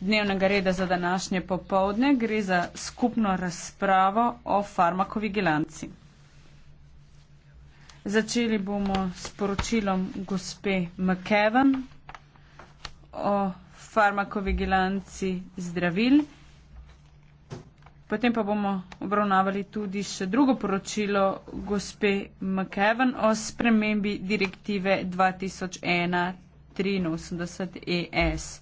dnevnega reda za današnje popovdne. Gre za skupno razpravo o farmakovigilanci. Začeli bomo s poročilom gospe McKevan o farmakovigilanci zdravil. Potem pa bomo obravnavali tudi še drugo poročilo gospe McKevan o spremembi direktive 2001-83 ES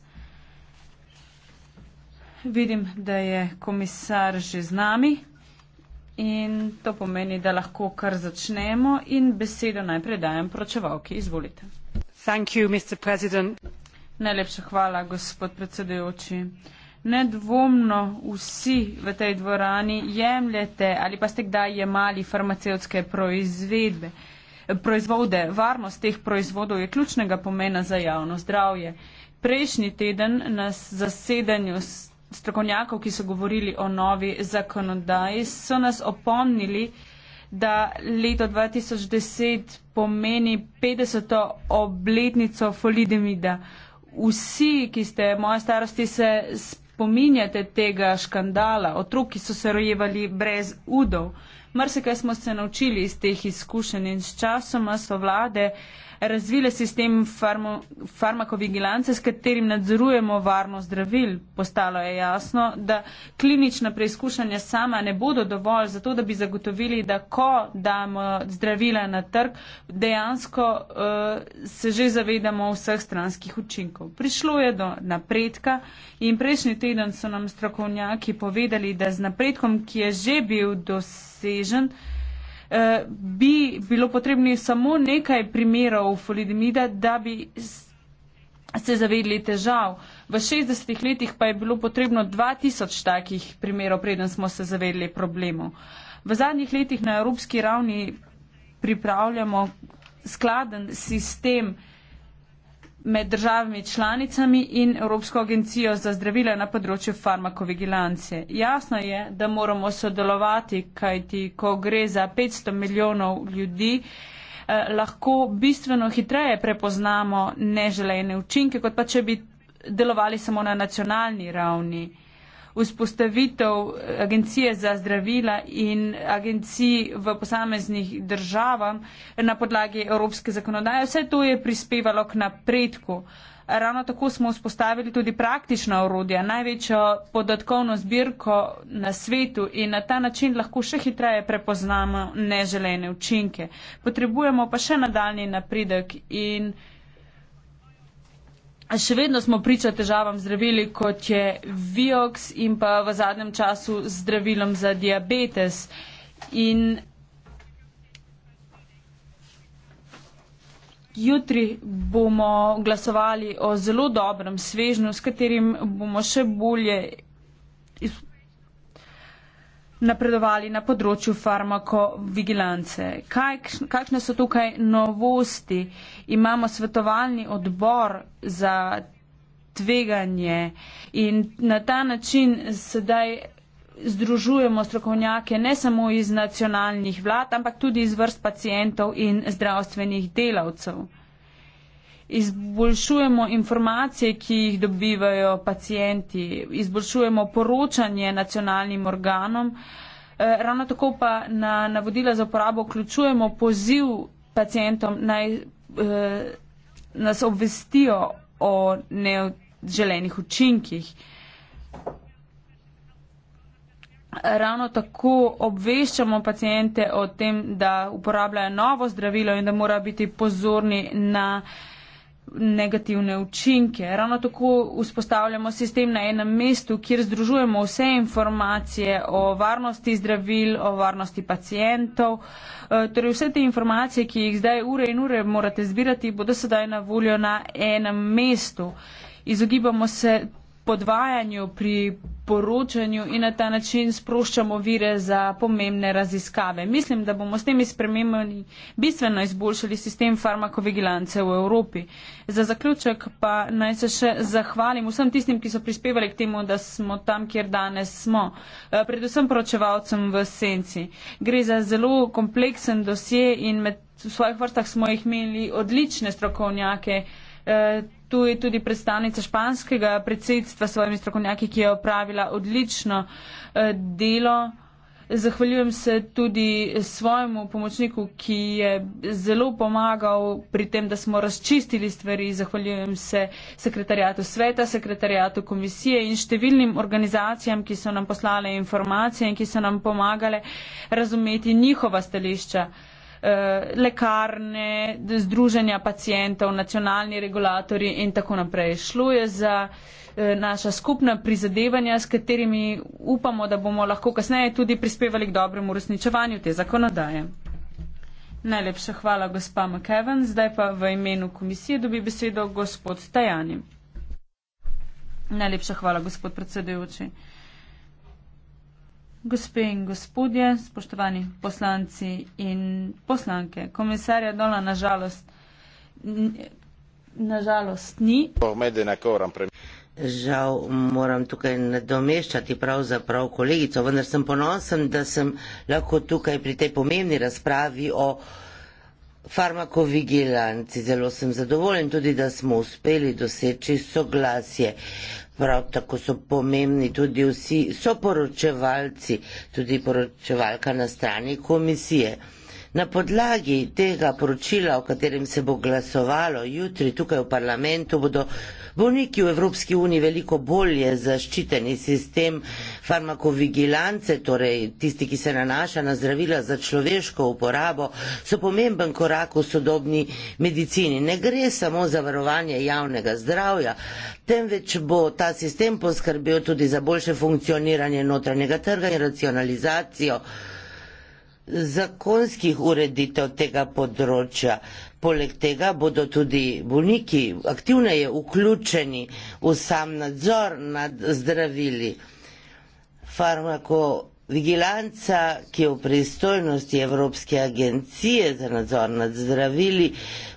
vidim, da je komisar že z nami in to pomeni, da lahko kar začnemo in besedo najprej dajem pročevalki. Izvolite. You, Najlepša hvala, gospod predsedujoči. Nedvomno vsi v tej dvorani jemljete ali pa ste kdaj jemali farmacevtske proizvedbe. Proizvode, varnost teh proizvodov je ključnega pomena za javno zdravje. Prejšnji teden na zasedanju strokovnjakov, ki so govorili o novi zakonodaji, so nas opomnili, da leto 2010 pomeni 50. obletnico folidemida. Vsi, ki ste moje starosti, se spominjate tega škandala, otrok, ki so se rojevali brez udov. Mrsikaj smo se naučili iz teh izkušenj in s časoma so vlade razvile sistem farmo, farmakovigilance, s katerim nadzorujemo varnost zdravil, postalo je jasno, da klinična preizkušanja sama ne bodo dovolj za to, da bi zagotovili, da ko damo zdravila na trg, dejansko uh, se že zavedamo vseh stranskih učinkov. Prišlo je do napredka in prejšnji teden so nam strokovnjaki povedali, da z napredkom, ki je že bil dosežen, Eh, bi bilo potrebni samo nekaj primerov folidemida, da bi se zavedli težav. V 60 letih pa je bilo potrebno 2000 takih primerov, preden smo se zavedli problemov. V zadnjih letih na evropski ravni pripravljamo skladen sistem uh, med državami članicami in Evropsko agencijo za zdravila na področju farmakovigilance. Jasno je, da moramo sodelovati, kajti ko gre za 500 milijonov ljudi, eh, lahko bistveno hitreje prepoznamo neželejne učinke, kot pa če bi delovali samo na nacionalni ravni vzpostavitev agencije za zdravila in agencij v posameznih državah na podlagi evropske zakonodaje. Vse to je prispevalo k napredku. Ravno tako smo vzpostavili tudi praktična orodja, največjo podatkovno zbirko na svetu in na ta način lahko še hitreje prepoznamo neželene učinke. Potrebujemo pa še nadaljni napredek in še vedno smo priča težavam zdravili, kot je Vioks in pa v zadnjem času zdravilom za diabetes. In Jutri bomo glasovali o zelo dobrem svežnju, s katerim bomo še bolje napredovali na področju farmakovigilance. Kaj, kakšne so tukaj novosti? Imamo svetovalni odbor za tveganje in na ta način sedaj združujemo strokovnjake ne samo iz nacionalnih vlad, ampak tudi iz vrst pacijentov in zdravstvenih delavcev izboljšujemo informacije, ki jih dobivajo pacijenti, izboljšujemo poročanje nacionalnim organom, eh, ravno tako pa na navodila za uporabo vključujemo poziv pacijentom naj eh, nas obvestijo o neželenih učinkih. Ravno tako obveščamo pacijente o tem, da uporabljajo novo zdravilo in da morajo biti pozorni na eh, negativne učinke. Ravno tako vzpostavljamo sistem na enem mestu, kjer združujemo vse informacije o varnosti zdravil, o varnosti pacijentov. E, torej vse te informacije, ki jih zdaj ure in ure morate zbirati, bodo sedaj na voljo na enem mestu. Izogibamo se podvajanju, pri poročanju in na ta način sproščamo vire za pomembne raziskave. Mislim, da bomo s temi spremembami bistveno izboljšali sistem farmakovigilance v Evropi. Za zaključek pa naj se še zahvalim vsem tistim, ki so prispevali k temu, da smo tam, kjer danes smo. Eh, predvsem poročevalcem v senci. Gre za zelo kompleksen dosje in med v svojih vrstah smo jih imeli odlične strokovnjake, Eh, tu je tudi predstavnica španskega predsedstva s svojimi strokovnjaki, ki je opravila odlično eh, delo. Zahvaljujem se tudi svojemu pomočniku, ki je zelo pomagal pri tem, da smo razčistili stvari. Zahvaljujem se sekretarijatu sveta, sekretarijatu komisije in številnim organizacijam, ki so nam poslale informacije in ki so nam pomagale razumeti njihova stališča. Eh, lekarne, združenja pacijentov, nacionalni regulatori in tako naprej. Šlo je za eh, naša skupna prizadevanja, s katerimi upamo, da bomo lahko kasneje tudi prispevali k dobremu uresničevanju te zakonodaje. Najlepša hvala, gospa McEwen. Zdaj pa v imenu komisije dobi besedo gospod Tajani. Najlepša hvala, gospod predsedujoči. Gospe in gospodje, spoštovani poslanci in poslanke, komisarja Dola nažalost na ni. Žal moram tukaj nadomeščati pravzaprav kolegico, vendar sem ponosen, da sem lahko tukaj pri tej pomembni razpravi o farmakovigilanci. Zelo sem zadovoljen tudi, da smo uspeli doseči soglasje. Prav tako so pomembni tudi vsi soporočevalci, tudi poročevalka na strani komisije. Na podlagi tega poročila, o katerem se bo glasovalo jutri tukaj v parlamentu, bodo bolniki v Evropski uniji veliko bolje zaščiteni sistem farmakovigilance, torej tisti, ki se nanaša na zdravila za človeško uporabo, so pomemben korak v sodobni medicini. Ne gre samo za varovanje javnega zdravja, temveč bo ta sistem poskrbel tudi za boljše funkcioniranje notranjega trga in racionalizacijo zakonskih ureditev tega področja. Poleg tega bodo tudi bolniki aktivneje vključeni v sam nadzor nad zdravili. Farmako Vigilanca, ki je v pristojnosti Evropske agencije za nadzor nad zdravili,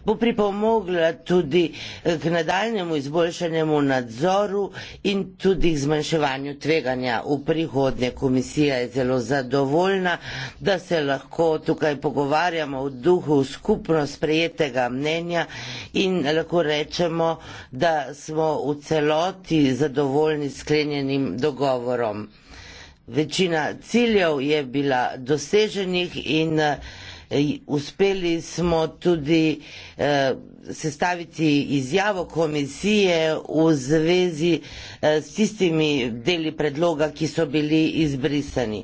bo pripomogla tudi eh, k nadaljnemu izboljšanju nadzoru in tudi k zmanjševanju tveganja v prihodnje. Komisija je zelo zadovoljna, da se lahko tukaj pogovarjamo v duhu skupno sprejetega mnenja in lahko rečemo, da smo v celoti zadovoljni sklenjenim dogovorom. Večina ciljev je bila doseženih in eh, uspeli smo tudi eh, sestaviti izjavo komisije v zvezi eh, s tistimi deli predloga, ki so bili izbrisani.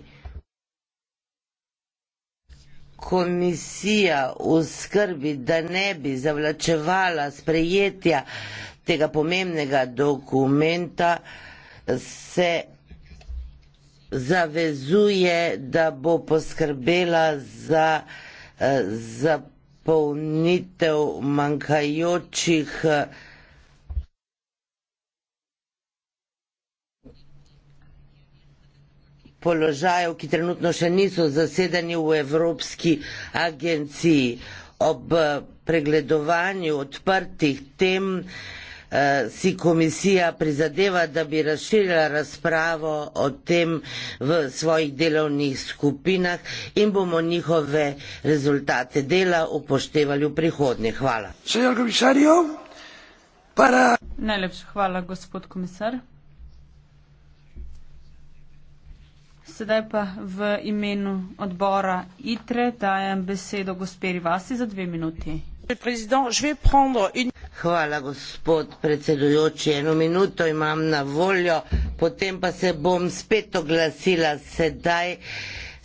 Komisija v skrbi, da ne bi zavlačevala sprejetja tega pomembnega dokumenta, se zavezuje, da bo poskrbela za eh, zapolnitev manjkajočih eh, položajev, ki trenutno še niso zasedeni v Evropski agenciji. Ob pregledovanju odprtih tem Eh, si komisija prizadeva, da bi razširila razpravo o tem v svojih delovnih skupinah in bomo njihove rezultate dela upoštevali v prihodnje. Hvala. Para... Najlepša hvala, gospod komisar. Sedaj pa v imenu odbora ITRE dajem besedo gospodi Vasi za dve minuti. Gospod predsednik, želim prendre. Hvala, gospod predsedujoči. Eno minuto imam na voljo, potem pa se bom spet oglasila sedaj.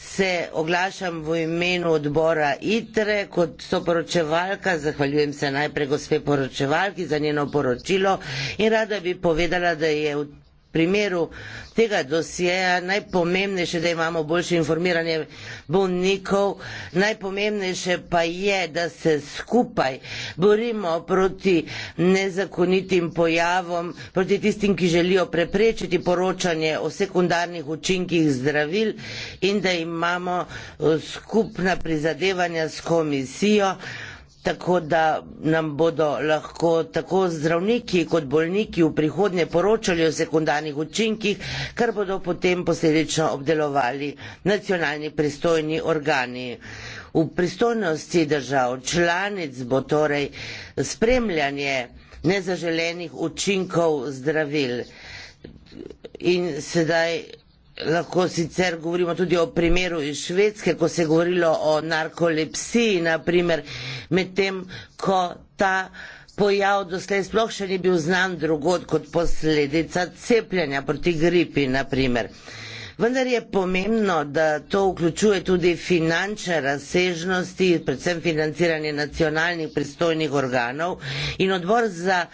Se oglašam v imenu odbora ITRE kot soporočevalka, zahvaljujem se najprej gospe poročevalki za njeno poročilo in rada bi povedala, da je v primeru tega dosjeja najpomembnejše, da imamo boljše informiranje bolnikov, najpomembnejše pa je, da se skupaj borimo proti nezakonitim pojavom, proti tistim, ki želijo preprečiti poročanje o sekundarnih učinkih zdravil in da imamo eh, skupna prizadevanja s komisijo tako da nam bodo lahko tako zdravniki kot bolniki v prihodnje poročali o sekundarnih učinkih, kar bodo potem posledično obdelovali nacionalni pristojni organi. V pristojnosti držav članic bo torej spremljanje nezaželenih učinkov zdravil. In sedaj lahko sicer govorimo tudi o primeru iz Švedske, ko se je govorilo o narkolepsiji, naprimer, medtem ko ta pojav doslej sploh še ni bil znan drugod kot posledica cepljenja proti gripi, naprimer. Vendar je pomembno, da to vključuje tudi finančne razsežnosti, predvsem financiranje nacionalnih pristojnih organov in odbor za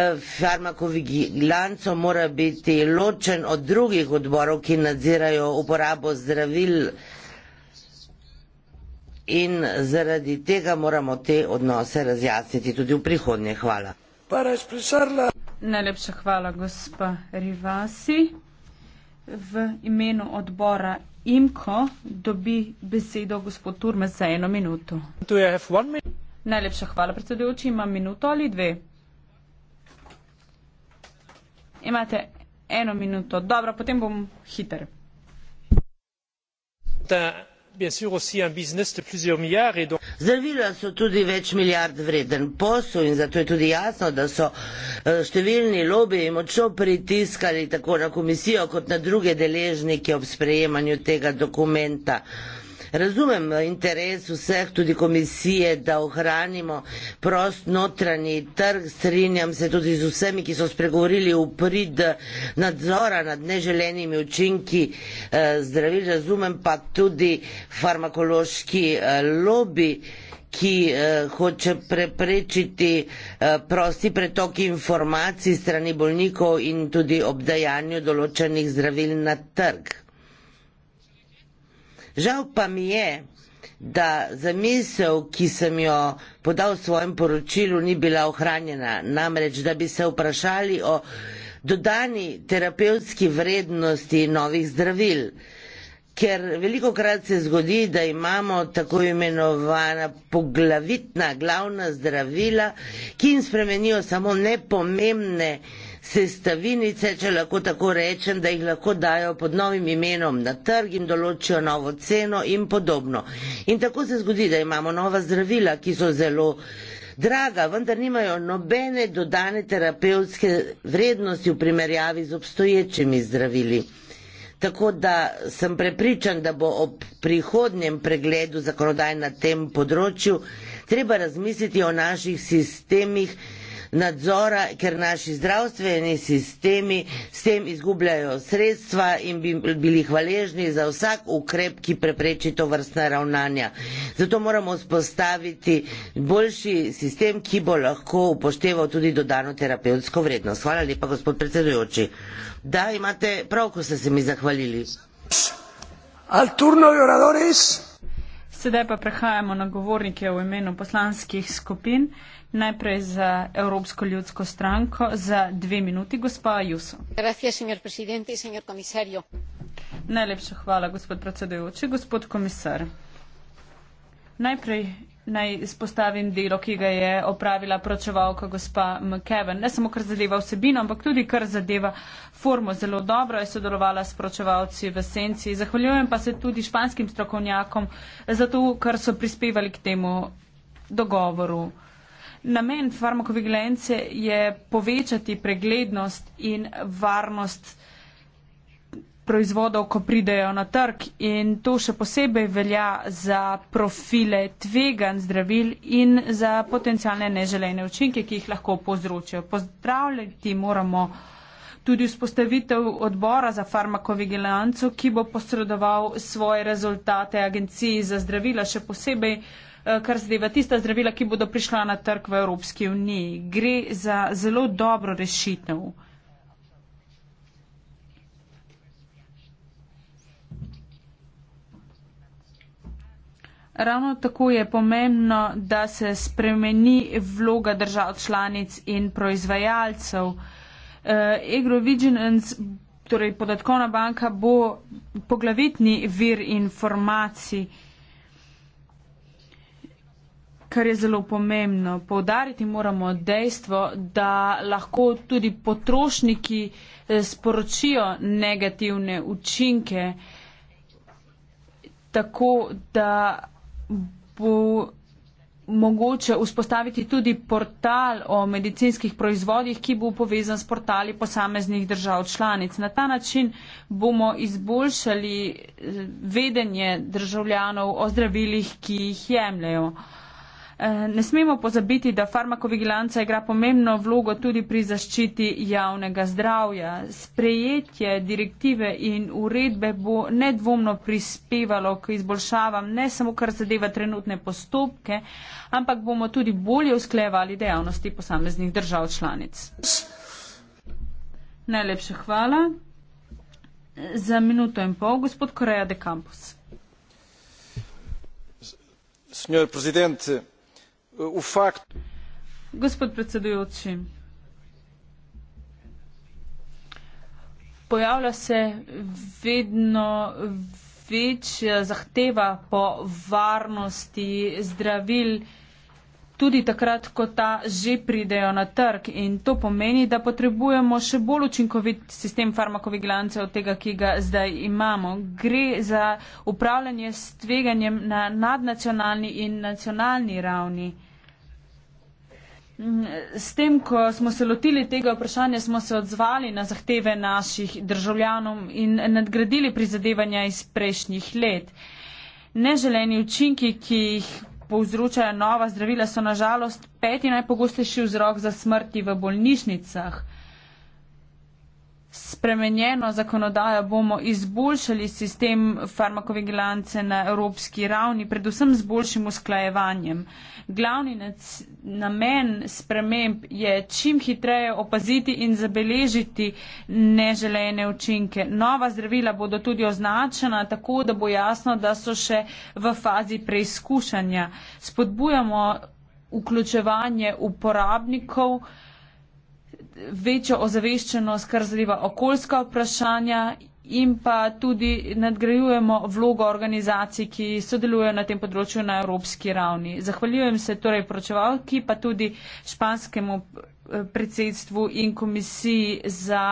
Eh, farmakovigilancov mora biti ločen od drugih odborov, ki nadzirajo uporabo zdravil in zaradi tega moramo te odnose razjasniti tudi v prihodnje. Hvala. Najlepša hvala, gospa Rivasi. V imenu odbora IMKO dobi besedo gospod Turme za eno minuto. Najlepša hvala, predsedujoči. Imam minuto ali dve? Imate eno minuto. Dobro, potem bom hiter. Zdravila so tudi več milijard vreden posel in zato je tudi jasno, da so eh, številni lobi močno pritiskali tako na komisijo kot na druge deležnike ob sprejemanju tega dokumenta. Razumem interes vseh, tudi komisije, da ohranimo prost notranji trg. Strinjam se tudi z vsemi, ki so spregovorili v prid nadzora nad neželenimi učinki eh, zdravil. Razumem pa tudi farmakološki eh, lobby ki eh, hoče preprečiti eh, prosti pretok informacij strani bolnikov in tudi obdajanju določenih zdravil na trg. Žal pa mi je, da zamisel, ki sem jo podal v svojem poročilu, ni bila ohranjena. Namreč, da bi se vprašali o dodani terapevtski vrednosti novih zdravil. Ker veliko krat se zgodi, da imamo tako imenovana poglavitna glavna zdravila, ki jim spremenijo samo nepomembne zdravila, sestavinice, če lahko tako rečem, da jih lahko dajo pod novim imenom na trg in določijo novo ceno in podobno. In tako se zgodi, da imamo nova zdravila, ki so zelo draga, vendar nimajo nobene dodane terapevtske vrednosti v primerjavi z obstoječimi zdravili. Tako da sem prepričan, da bo ob prihodnjem pregledu zakonodaj na tem področju treba razmisliti o naših sistemih, nadzora, ker naši zdravstveni sistemi s tem izgubljajo sredstva in bi bili hvaležni za vsak ukrep, ki prepreči to vrstna ravnanja. Zato moramo spostaviti boljši sistem, ki bo lahko upošteval tudi dodano terapevtsko vrednost. Hvala lepa, gospod predsedujoči. Da, imate prav, ko ste se mi zahvalili. Al turno de oradores, Sedaj pa prehajamo na govornike v imenu poslanskih skupin. Najprej za Evropsko ljudsko stranko za dve minuti, gospa Juso. Najlepša hvala, gospod predsedujoči, gospod komisar. Najprej naj spostavim delo, ki ga je opravila pročevalka gospa McKeven. Ne samo kar zadeva vsebino, ampak tudi kar zadeva formo. Zelo dobro je sodelovala s pročevalci v senci. Zahvaljujem pa se tudi španskim strokovnjakom za to, kar so prispevali k temu dogovoru. Namen farmakovigilence je povečati preglednost in varnost proizvodov, ko pridejo na trg in to še posebej velja za profile tvegan zdravil in za potencijalne neželene učinke, ki jih lahko povzročijo. Pozdravljati moramo tudi vzpostavitev odbora za farmakovigilanco, ki bo posredoval svoje rezultate agenciji za zdravila, še posebej eh, kar zadeva tista zdravila, ki bodo prišla na trg v Evropski uniji. Gre za zelo dobro rešitev. Ravno tako je pomembno, da se spremeni vloga držav članic in proizvajalcev. Eh, Agrovigilance, torej podatkovna banka, bo poglavitni vir informacij, kar je zelo pomembno. Povdariti moramo dejstvo, da lahko tudi potrošniki eh, sporočijo negativne učinke, tako da bo mogoče vzpostaviti tudi portal o medicinskih proizvodih, ki bo povezan s portali posameznih držav članic. Na ta način bomo izboljšali eh, vedenje državljanov o zdravilih, ki jih jemljajo. Eh, ne smemo pozabiti, da farmakovigilanca igra pomembno vlogo tudi pri zaščiti javnega zdravja. Sprejetje direktive in uredbe bo nedvomno prispevalo k izboljšavam ne samo kar zadeva trenutne postopke, ampak bomo tudi bolje usklejevali dejavnosti posameznih držav članic. Najlepša hvala. Za minuto in pol, gospod Koreja de Campos. Signor Presidente, gospod predsedujoči pojavlja se vedno večja zahteva po varnosti zdravil tudi takrat, ko ta že pridejo na trg. In to pomeni, da potrebujemo še bolj učinkovit sistem farmakovigilance od tega, ki ga zdaj imamo. Gre za upravljanje s tveganjem na nadnacionalni in nacionalni ravni. Mm, s tem, ko smo se lotili tega vprašanja, smo se odzvali na zahteve naših državljanov in nadgradili prizadevanja iz prejšnjih let. Neželeni učinki, ki jih povzročajo nova zdravila, so nažalost peti najpogostejši vzrok za smrti v bolnišnicah spremenjeno zakonodajo bomo izboljšali sistem farmakovigilance na evropski ravni, predvsem z boljšim usklajevanjem. Glavni namen sprememb je čim hitreje opaziti in zabeležiti neželene učinke. Nova zdravila bodo tudi označena tako, da bo jasno, da so še v fazi preizkušanja. Spodbujamo vključevanje uporabnikov, večjo ozaveščenost, kar zadeva okoljska vprašanja in pa tudi nadgrajujemo vlogo organizacij, ki sodelujejo na tem področju na evropski ravni. Zahvaljujem se torej poročevalki, pa tudi španskemu eh, predsedstvu in komisiji za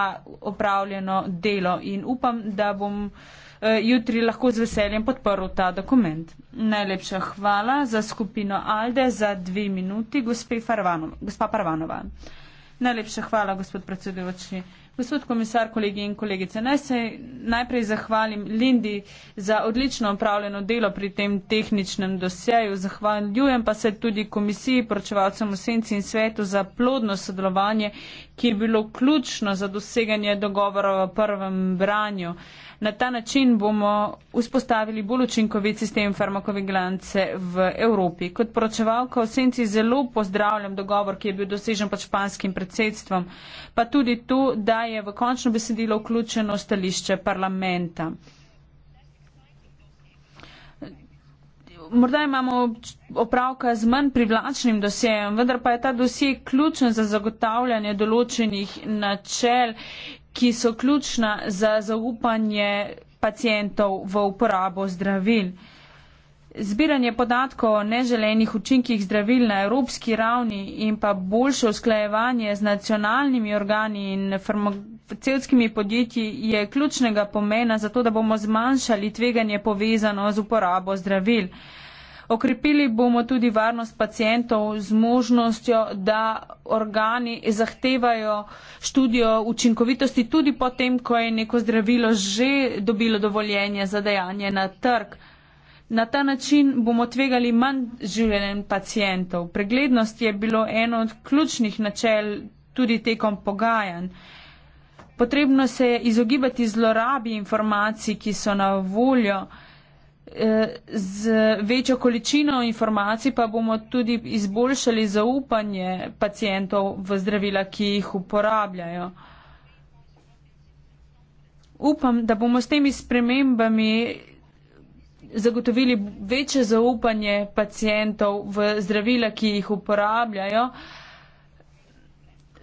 opravljeno delo in upam, da bom eh, jutri lahko z veseljem podprl ta dokument. Najlepša hvala za skupino Alde za dve minuti, gospe Farvano, gospa Parvanova. Najlepša hvala, gospod predsedujoči. Gospod komisar, kolegi in kolegice, naj se najprej zahvalim Lindi za odlično upravljeno delo pri tem tehničnem dosjeju. Zahvaljujem pa se tudi komisiji, poročevalcem v senci in svetu za plodno sodelovanje, ki je bilo ključno za doseganje dogovora v prvem branju. Uh, Na ta način bomo vzpostavili bolj učinkovit sistem farmakovigilance v Evropi. Kot poročevalka v senci zelo pozdravljam dogovor, ki je bil dosežen pod španskim predsedstvom, pa tudi to, da je v končno besedilo vključeno stališče parlamenta. Morda imamo opravka z manj privlačnim dosjejem, vendar pa je ta dosje ključen za zagotavljanje določenih načel ki so ključna za zaupanje pacijentov v uporabo zdravil. Zbiranje podatkov o neželenih učinkih zdravil na evropski ravni in pa boljše usklajevanje z nacionalnimi organi in farmacevskimi podjetji je ključnega pomena za to, da bomo zmanjšali tveganje povezano z uporabo zdravil. Uh, Okrepili bomo tudi varnost pacijentov z možnostjo, da organi zahtevajo študijo učinkovitosti tudi potem, ko je neko zdravilo že dobilo dovoljenje za dejanje na trg. Na ta način bomo tvegali manj življenjem pacijentov. Preglednost je bilo eno od ključnih načel tudi tekom pogajanj. Potrebno se je izogibati zlorabi informacij, ki so na voljo. Z večjo količino informacij pa bomo tudi izboljšali zaupanje pacijentov v zdravila, ki jih uporabljajo. Upam, da bomo s temi spremembami zagotovili večje zaupanje pacijentov v zdravila, ki jih uporabljajo.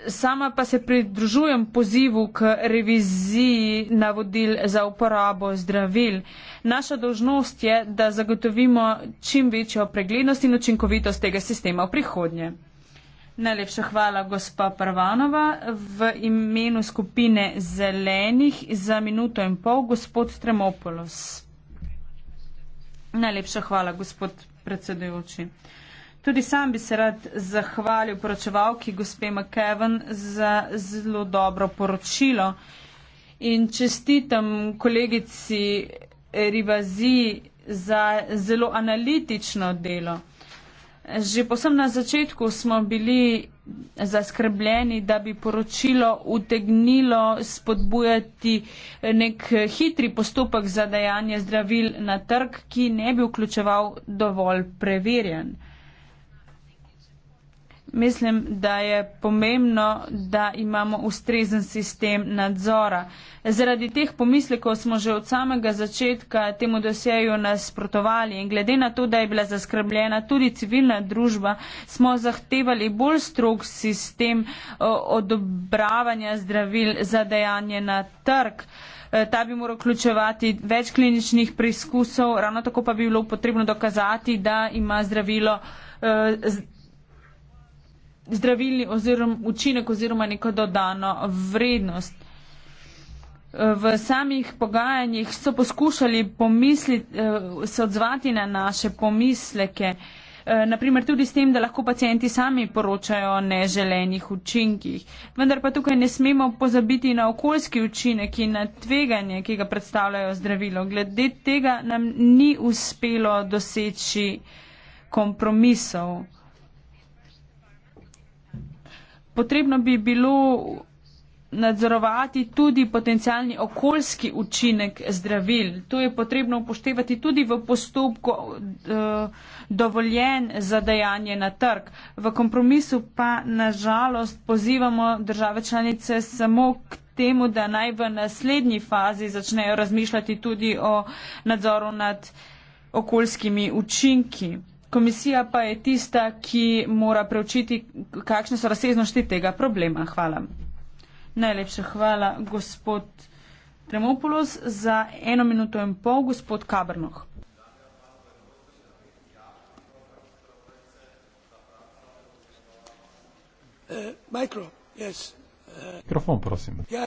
Sama pa se pridružujem pozivu k reviziji navodil za uporabo zdravil. Naša dožnost je, da zagotovimo čim večjo preglednost in učinkovitost tega sistema v prihodnje. Najlepša hvala, gospa Parvanova. V imenu skupine zelenih za minuto in pol, gospod Stremopolos. Najlepša hvala, gospod predsedujoči. Tudi sam bi se rad zahvalil poročevalki gospe McKevin za zelo dobro poročilo in čestitam kolegici Rivazi za zelo analitično delo. Že posem na začetku smo bili zaskrbljeni, da bi poročilo utegnilo spodbujati nek hitri postopek za dajanje zdravil na trg, ki ne bi vključeval dovolj preverjanj. Mislim, da je pomembno, da imamo ustrezen sistem nadzora. Zaradi teh pomislekov smo že od samega začetka temu dosjeju nasprotovali in glede na to, da je bila zaskrbljena tudi civilna družba, smo zahtevali bolj strog sistem odobravanja zdravil za dejanje na trg. E, ta bi moral vključevati več kliničnih preizkusov, ravno tako pa bi bilo potrebno dokazati, da ima zdravilo. E, zdravilni oziroma učinek oziroma neko dodano vrednost. V samih pogajanjih so poskušali pomisliti, eh, se odzvati na naše pomisleke, eh, naprimer tudi s tem, da lahko pacijenti sami poročajo o neželenih učinkih. Vendar pa tukaj ne smemo pozabiti na okoljski učinek in na tveganje, ki ga predstavljajo zdravilo. Glede tega nam ni uspelo doseči kompromisov potrebno bi bilo nadzorovati tudi potencijalni okoljski učinek zdravil. To je potrebno upoštevati tudi v postopku eh, dovoljen za dajanje na trg. V kompromisu pa nažalost pozivamo države članice samo k temu, da naj v naslednji fazi začnejo razmišljati tudi o nadzoru nad okoljskimi učinki. Komisija pa je tista, ki mora preučiti, kakšne so razsežnosti tega problema. Hvala. Najlepša hvala, gospod Tremopulos, za eno minuto in pol, gospod Kabrnoh. Eh, eh, Mikrofon, prosim. Ja.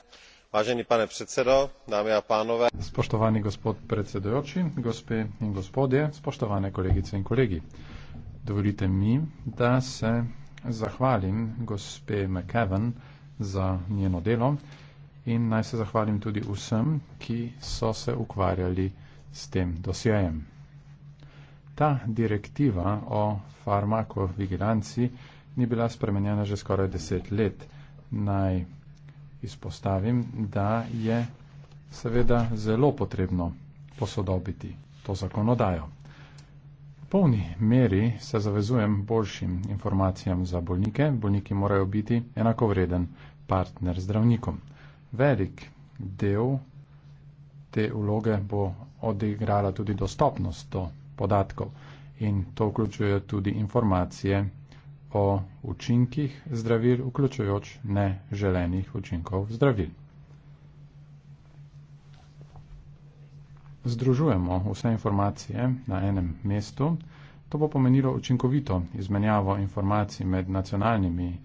Vážený pane predsedo, dámy a pánové. Spoštovani gospod predsedujoči, gospe in gospodje, spoštovane kolegice in kolegi. Dovolite mi, da se zahvalim gospe McKevin za njeno delo in naj se zahvalim tudi vsem, ki so se ukvarjali s tem dosjejem. Ta direktiva o farmakovigilanci ni bila spremenjena že skoraj deset let. Naj izpostavim, da je seveda zelo potrebno posodobiti to zakonodajo. V polni meri se zavezujem boljšim informacijam za bolnike. Bolniki morajo biti enakovreden partner zdravnikom. Velik del te vloge bo odigrala tudi dostopnost do podatkov in to vključuje tudi informacije o učinkih zdravil, vključujoč neželenih učinkov zdravil. Združujemo vse informacije na enem mestu. To bo pomenilo učinkovito izmenjavo informacij med nacionalnimi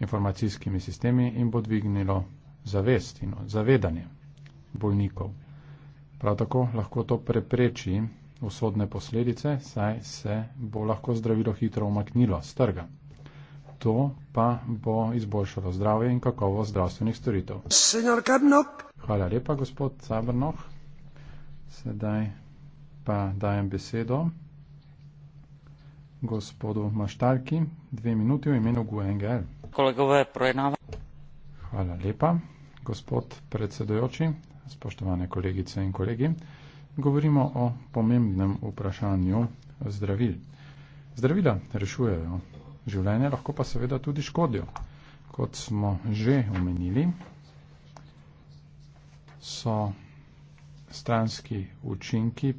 informacijskimi sistemi in bo dvignilo zavest in zavedanje bolnikov. Prav tako lahko to prepreči usodne posledice, saj se bo lahko zdravilo hitro umaknilo z trga. To pa bo izboljšalo zdravje in kakovost zdravstvenih storitev. Hvala lepa, gospod Sabrnoh. Sedaj pa dajem besedo gospodu Maštalki, dve minuti v imenu GUNGL. E Hvala lepa, gospod predsedojoči, spoštovane kolegice in kolegi govorimo o pomembnem vprašanju zdravil. Zdravila rešujejo življenje, lahko pa seveda tudi škodijo. Kot smo že omenili, so stranski učinki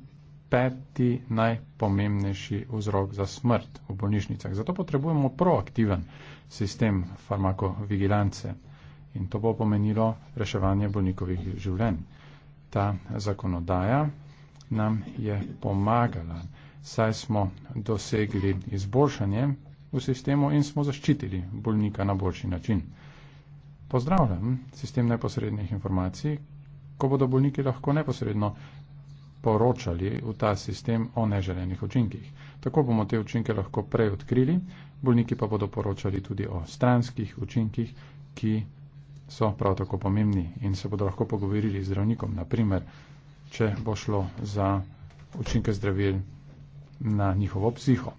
peti najpomembnejši vzrok za smrt v bolnišnicah. Zato potrebujemo proaktiven sistem farmakovigilance in to bo pomenilo reševanje bolnikovih življenj. Ta zakonodaja nam je pomagala, saj smo dosegli izboljšanje v sistemu in smo zaščitili bolnika na boljši način. Pozdravljam sistem neposrednih informacij, ko bodo bolniki lahko neposredno poročali v ta sistem o neželenih učinkih. Tako bomo te učinke lahko prej odkrili, bolniki pa bodo poročali tudi o stranskih učinkih, ki so prav tako pomembni in se bodo lahko pogovorili z zdravnikom, naprimer če bo šlo za učinke zdravil na njihovo psiho.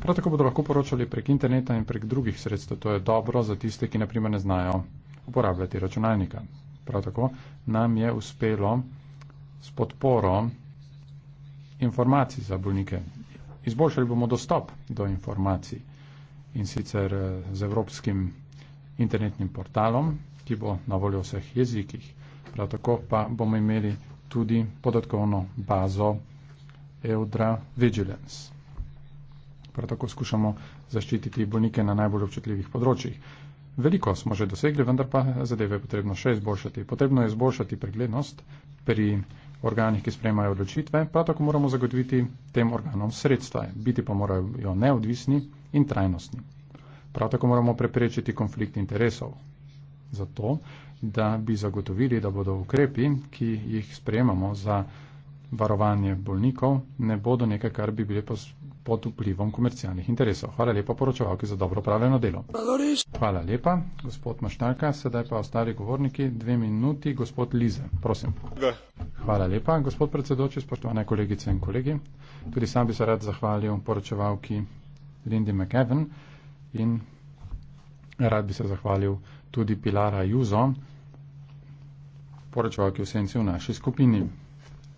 Prav tako bodo lahko poročali prek interneta in prek drugih sredstev. To je dobro za tiste, ki naprimer ne znajo uporabljati računalnika. Prav tako nam je uspelo s podporo informacij za bolnike. Izboljšali bomo dostop do informacij in sicer eh, z evropskim internetnim portalom, ki bo na voljo vseh jezikih. Prav tako pa bomo imeli tudi podatkovno bazo Eudra Vigilance. Prav tako skušamo zaščititi bolnike na najbolj občutljivih področjih. Veliko smo že dosegli, vendar pa zadeve je potrebno še izboljšati. Potrebno je izboljšati preglednost pri organih, ki sprejemajo odločitve, prav tako moramo zagotoviti tem organom sredstva. Biti pa morajo neodvisni in trajnostni. Prav tako moramo preprečiti konflikt interesov. Zato da bi zagotovili, da bodo ukrepi, ki jih sprejemamo za varovanje bolnikov, ne bodo nekaj, kar bi bile pod vplivom komercialnih interesov. Hvala lepa poročevalki za dobro upravljeno delo. Hvala lepa, gospod Maštarka, sedaj pa ostali govorniki, dve minuti, gospod Lize, prosim. Hvala lepa, gospod predsedoči, spoštovane kolegice in kolegi. Tudi sam bi se rad zahvalil poročevalki Lindy McEwen in rad bi se zahvalil tudi Pilara Juzo poročevalki v senci v naši skupini.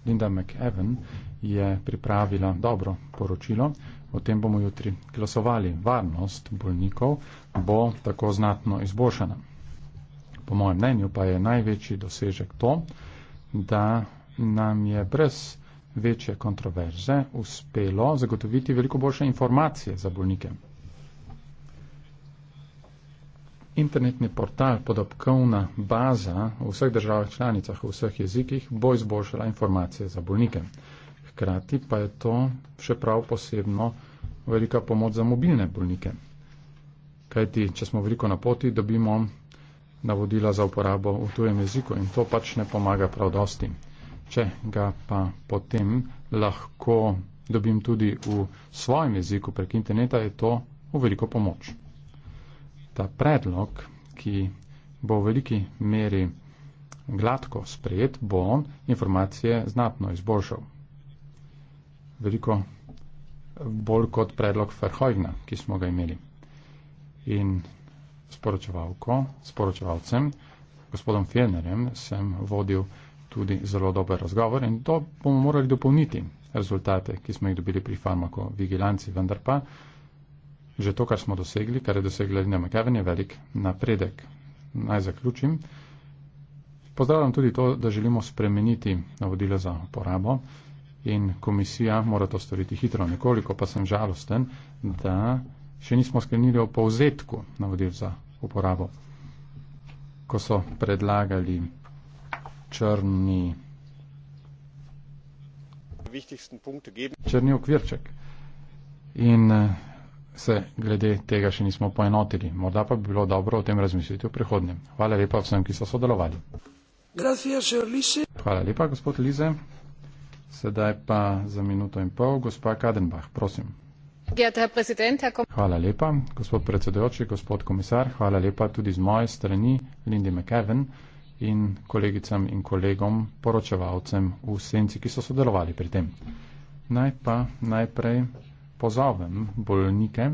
Linda McEwen je pripravila dobro poročilo, o tem bomo jutri glasovali. Varnost bolnikov bo tako znatno izboljšana. Po mojem mnenju pa je največji dosežek to, da nam je brez večje kontroverze uspelo zagotoviti veliko boljše informacije za bolnike internetni portal podopkovna baza v vseh državah članicah v vseh jezikih bo izboljšala informacije za bolnike. Hkrati pa je to še prav posebno velika pomoč za mobilne bolnike. Kajti, če smo veliko na poti, dobimo navodila za uporabo v tujem jeziku in to pač ne pomaga prav dosti. Če ga pa potem lahko dobim tudi v svojem jeziku prek interneta, je to v veliko pomoč ta predlog, ki bo v veliki meri gladko sprejet, bo informacije znatno izboljšal. Veliko bolj kot predlog Ferhojna, ki smo ga imeli. In sporočevalcem, gospodom Fjernerjem, sem vodil tudi zelo dober razgovor in to bomo morali dopolniti rezultate, ki smo jih dobili pri farmakovigilanci, vendar pa že to, kar smo dosegli, kar je dosegla Lina McEwen, je velik napredek. Naj zaključim. Pozdravljam tudi to, da želimo spremeniti navodila za uporabo in komisija mora to storiti hitro. Nekoliko pa sem žalosten, da še nismo sklenili o povzetku navodil za uporabo. Ko so predlagali črni, črni okvirček. In eh, se glede tega še nismo poenotili. Morda pa bi bilo dobro o tem razmisliti v prihodnje. Hvala lepa vsem, ki so sodelovali. Hvala lepa, gospod Lize. Sedaj pa za minuto in pol, gospa Kadenbach, prosim. Hvala lepa, gospod predsedojoči, gospod komisar. Hvala lepa tudi z moje strani, Lindy McEwen in kolegicam in kolegom, poročevalcem v senci, ki so sodelovali pri tem. Naj pa najprej pozovem bolnike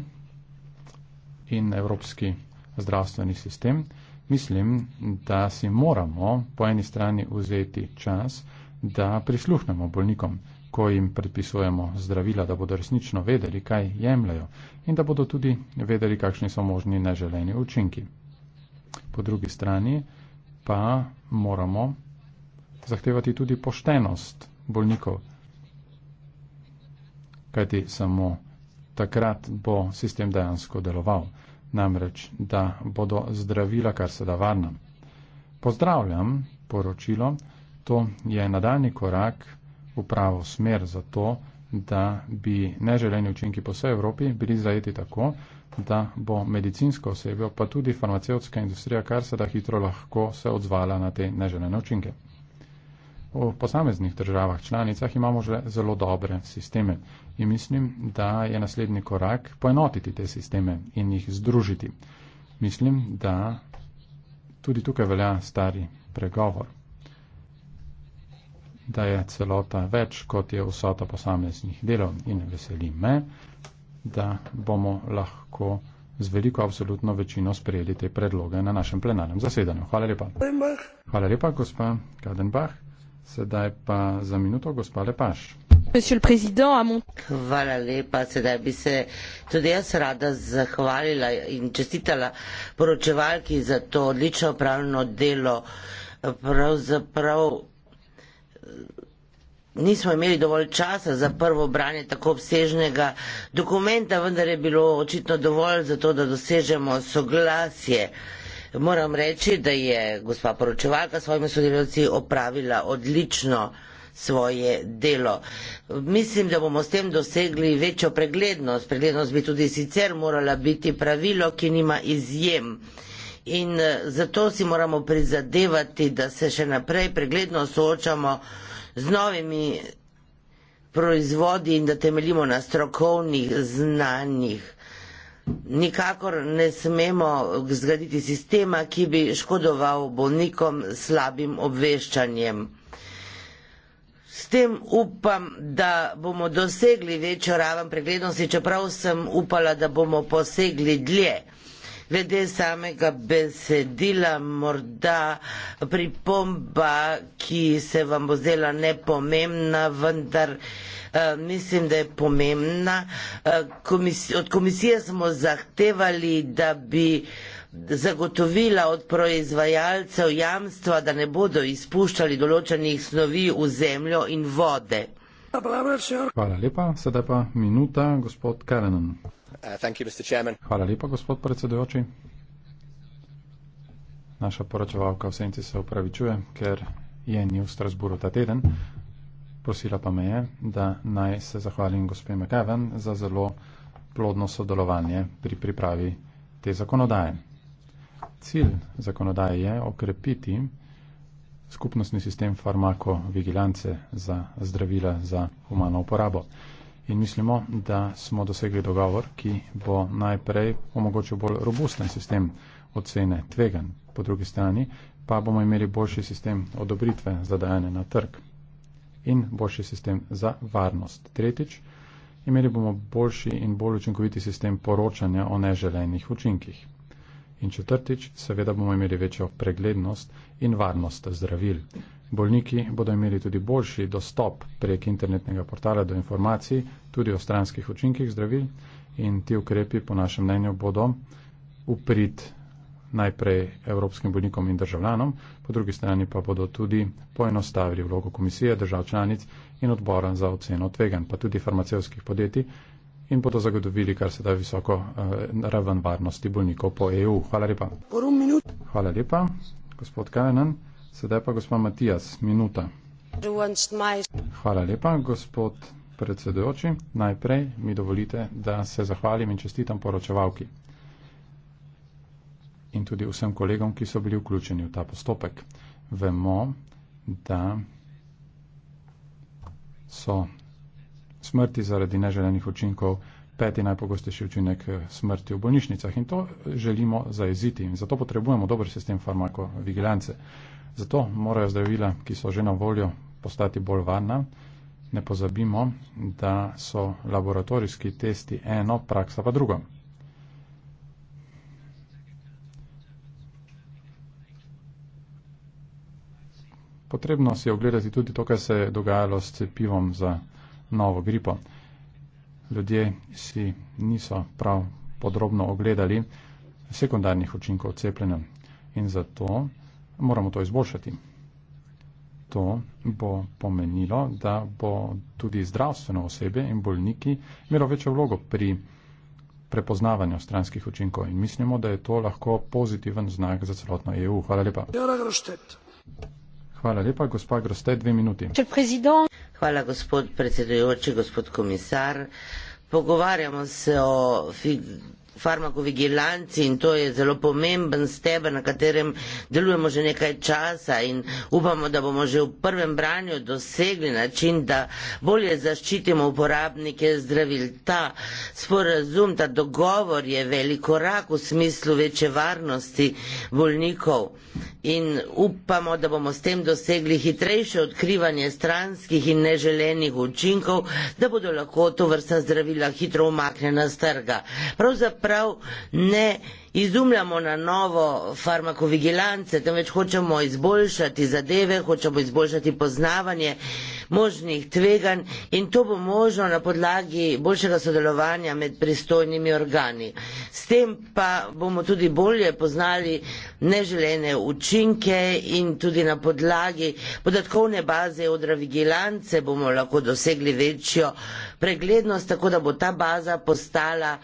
in evropski zdravstveni sistem, mislim, da si moramo po eni strani vzeti čas, da prisluhnemo bolnikom, ko jim predpisujemo zdravila, da bodo resnično vedeli, kaj jemljajo in da bodo tudi vedeli, kakšni so možni neželeni učinki. Po drugi strani pa moramo zahtevati tudi poštenost bolnikov, kajti samo takrat bo sistem dejansko deloval, namreč da bodo zdravila kar se da varna. Pozdravljam poročilo, to je nadaljni korak v pravo smer za to, da bi neželeni učinki po vsej Evropi bili zajeti tako, da bo medicinsko osebjo, pa tudi farmacevtska industrija kar se da hitro lahko se odzvala na te neželene učinke v posameznih državah članicah imamo že zelo dobre sisteme in mislim, da je naslednji korak poenotiti te sisteme in jih združiti. Mislim, da tudi tukaj velja stari pregovor, da je celota več, kot je vsota posameznih delov in veseli me, da bomo lahko z veliko absolutno večino sprejeli te predloge na našem plenarnem zasedanju. Hvala lepa. Hvala lepa, gospa Kadenbach. Sedaj pa za minuto, gospa Lepaš. Hvala lepa, sedaj bi se tudi jaz rada zahvalila in čestitala poročevalki za to odlično pravno delo. Pravzaprav eh, nismo imeli dovolj časa za prvo branje tako obsežnega dokumenta, vendar je bilo očitno dovolj za to, da dosežemo soglasje. Uh, Moram reči, da je gospa poročevalka svojimi sodelavci opravila odlično svoje delo. Mislim, da bomo s tem dosegli večjo preglednost. Preglednost bi tudi sicer morala biti pravilo, ki nima izjem. In eh, zato si moramo prizadevati, da se še naprej pregledno soočamo z novimi proizvodi in da temeljimo na strokovnih znanjih. Nikakor ne smemo zgraditi sistema, ki bi škodoval bolnikom slabim obveščanjem. S tem upam, da bomo dosegli večjo raven preglednosti, čeprav sem upala, da bomo posegli dlje glede samega besedila, morda pripomba, ki se vam bo zdela nepomembna, vendar eh, mislim, da je pomembna. Eh, od komisije smo zahtevali, da bi zagotovila od proizvajalcev jamstva, da ne bodo izpuščali določenih snovi v zemljo in vode. Hvala lepa, sedaj pa minuta, gospod Karenan. Uh, Hvala lepa, gospod predsedujoči. Naša poročevalka v senci se upravičuje, ker je ni v Strasburu ta teden. Prosila pa me je, da naj se zahvalim gospe McEwen za zelo plodno sodelovanje pri pripravi te zakonodaje. Cilj zakonodaje je okrepiti skupnostni sistem farmakovigilance za zdravila za humano uporabo in mislimo, da smo dosegli dogovor, ki bo najprej omogočil bolj robusten sistem ocene tvegan, po drugi strani pa bomo imeli boljši sistem odobritve za dajanje na trg in boljši sistem za varnost. Tretjič, imeli bomo boljši in bolj učinkoviti sistem poročanja o neželenih učinkih. In četrtič, seveda bomo imeli večjo preglednost in varnost zdravil. Bolniki bodo imeli tudi boljši dostop prek internetnega portala do informacij tudi o stranskih učinkih zdravil in ti ukrepi, po našem mnenju, bodo uprit najprej evropskim bolnikom in državljanom, po drugi strani pa bodo tudi poenostavili vlogo komisije držav članic in odbora za oceno tvegan, pa tudi farmacevskih podjetij in bodo zagotovili kar se da visoko uh, raven varnosti bolnikov po EU. Hvala lepa. Hvala lepa, gospod Kajnan. Sedaj pa gospod Matijas, minuta. Hvala lepa, gospod predsedujoči. Najprej mi dovolite, da se zahvalim in čestitam poročevalki in tudi vsem kolegom, ki so bili vključeni v ta postopek. Vemo, da so smrti zaradi neželenih učinkov peti najpogostejši učinek eh, smrti v bolnišnicah in to želimo zaeziti in zato potrebujemo dober sistem farmakovigilance. Zato morajo zdravila, ki so že na voljo, postati bolj varna. Ne pozabimo, da so laboratorijski testi eno, praksa pa drugo. Potrebno si je ogledati tudi to, kar se je dogajalo s cepivom za novo gripo. Ljudje si niso prav podrobno ogledali sekundarnih učinkov cepljenja in zato moramo to izboljšati. To bo pomenilo, da bo tudi zdravstveno osebe in bolniki imelo večjo vlogo pri prepoznavanju stranskih učinkov in mislimo, da je to lahko pozitiven znak za celotno EU. Hvala lepa. Hvala lepa, gospa Groste, dve minuti. Hvala, gospod predsedujoči, gospod komisar. Pogovarjamo se o farmakovigilanci in to je zelo pomemben steber, na katerem delujemo že nekaj časa in upamo, da bomo že v prvem branju dosegli način, da bolje zaščitimo uporabnike zdravil. Ta sporazum, ta dogovor je velik korak v smislu večje varnosti bolnikov in upamo, da bomo s tem dosegli hitrejše odkrivanje stranskih in neželenih učinkov, da bodo lahko to vrsta zdravila hitro umaknjena z trga. Pravzaprav prav ne izumljamo na novo farmakovigilance, temveč hočemo izboljšati zadeve, hočemo izboljšati poznavanje možnih tveganj in to bo možno na podlagi boljšega sodelovanja med pristojnimi organi. S tem pa bomo tudi bolje poznali neželene učinke in tudi na podlagi podatkovne baze odravigilance bomo lahko dosegli večjo preglednost, tako da bo ta baza postala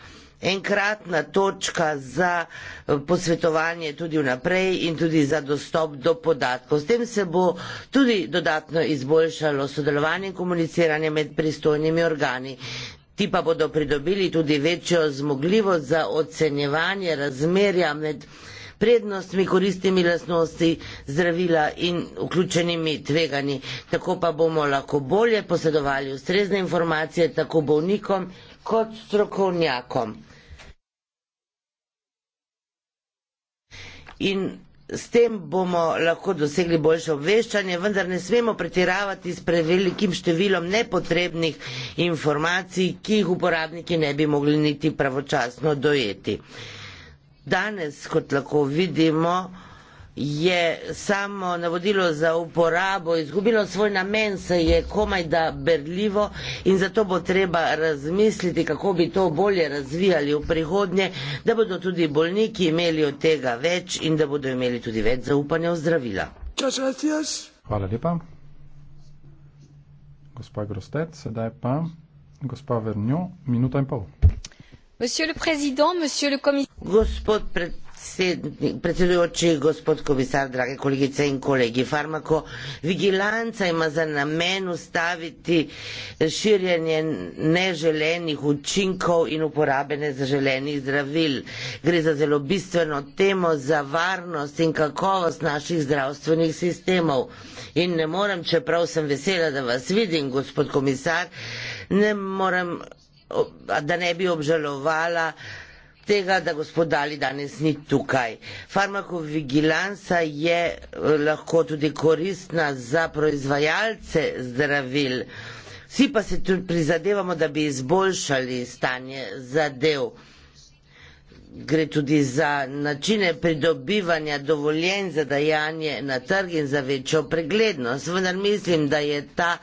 enkratna točka za eh, posvetovanje tudi vnaprej in tudi za dostop do podatkov. S tem se bo tudi dodatno izboljšalo sodelovanje in komuniciranje med pristojnimi organi. Ti pa bodo pridobili tudi večjo zmogljivost za ocenjevanje razmerja med prednostmi, koristimi lasnosti zdravila in vključenimi tveganji. Tako pa bomo lahko bolje posedovali ustrezne informacije tako bolnikom kot strokovnjakom. In s tem bomo lahko dosegli boljše obveščanje, vendar ne smemo pretiravati s prevelikim številom nepotrebnih informacij, ki jih uporabniki ne bi mogli niti pravočasno dojeti. Danes, kot lahko vidimo, je samo navodilo za uporabo izgubilo svoj namen, se je komaj da berljivo in zato bo treba razmisliti, kako bi to bolje razvijali v prihodnje, da bodo tudi bolniki imeli od tega več in da bodo imeli tudi več zaupanja v zdravila. Hvala lepa. Gospa Grostet, sedaj pa gospa Vernjo, minuta in pol. Gospod predsednik, predsedujoči gospod komisar, drage kolegice in kolegi. Farmakovigilanca ima za namen ustaviti širjenje neželenih učinkov in uporabe nezaželenih zdravil. Gre za zelo bistveno temo za varnost in kakovost naših zdravstvenih sistemov. In ne morem, čeprav sem vesela, da vas vidim, gospod komisar, ne morem, da ne bi obžalovala, tega, da gospod Dali danes ni tukaj. Farmakovigilansa je eh, lahko tudi koristna za proizvajalce zdravil. Vsi pa se tudi prizadevamo, da bi izboljšali stanje zadev. Gre tudi za načine pridobivanja dovoljenj za dajanje na trg in za večjo preglednost. Vendar mislim, da je ta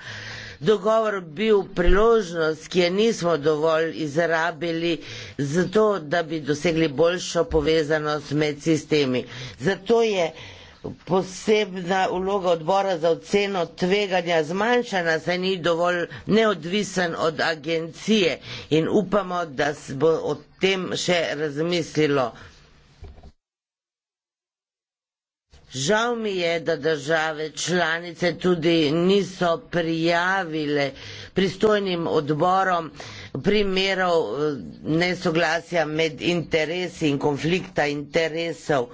dogovor bil priložnost, ki je nismo dovolj izrabili za to, da bi dosegli boljšo povezanost med sistemi. Zato je posebna uloga odbora za oceno tveganja zmanjšana, saj ni dovolj neodvisen od agencije in upamo, da se bo o tem še razmislilo. Žal mi je, da države članice tudi niso prijavile pristojnim odborom primerov eh, nesoglasja med interesi in konflikta interesov.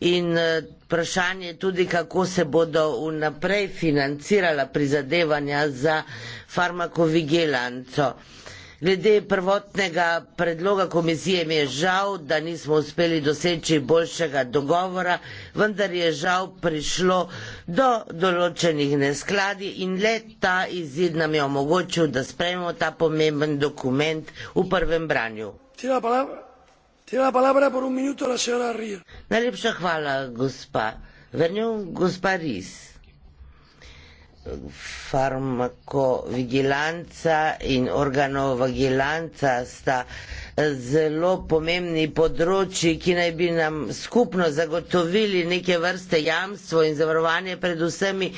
In eh, vprašanje je tudi, kako se bodo vnaprej financirala prizadevanja za farmakovigilanco. Glede prvotnega predloga komisije mi je žal, da nismo uspeli doseči boljšega dogovora, vendar je žal prišlo do določenih neskladi in le ta izid nam je omogočil, da sprejmemo ta pomemben dokument v prvem branju. Najlepša hvala, gospa. Vrnil gospa Ris farmakovigilanca in organovigilanca sta zelo pomembni področji, ki naj bi nam skupno zagotovili neke vrste jamstvo in zavarovanje pred vsemi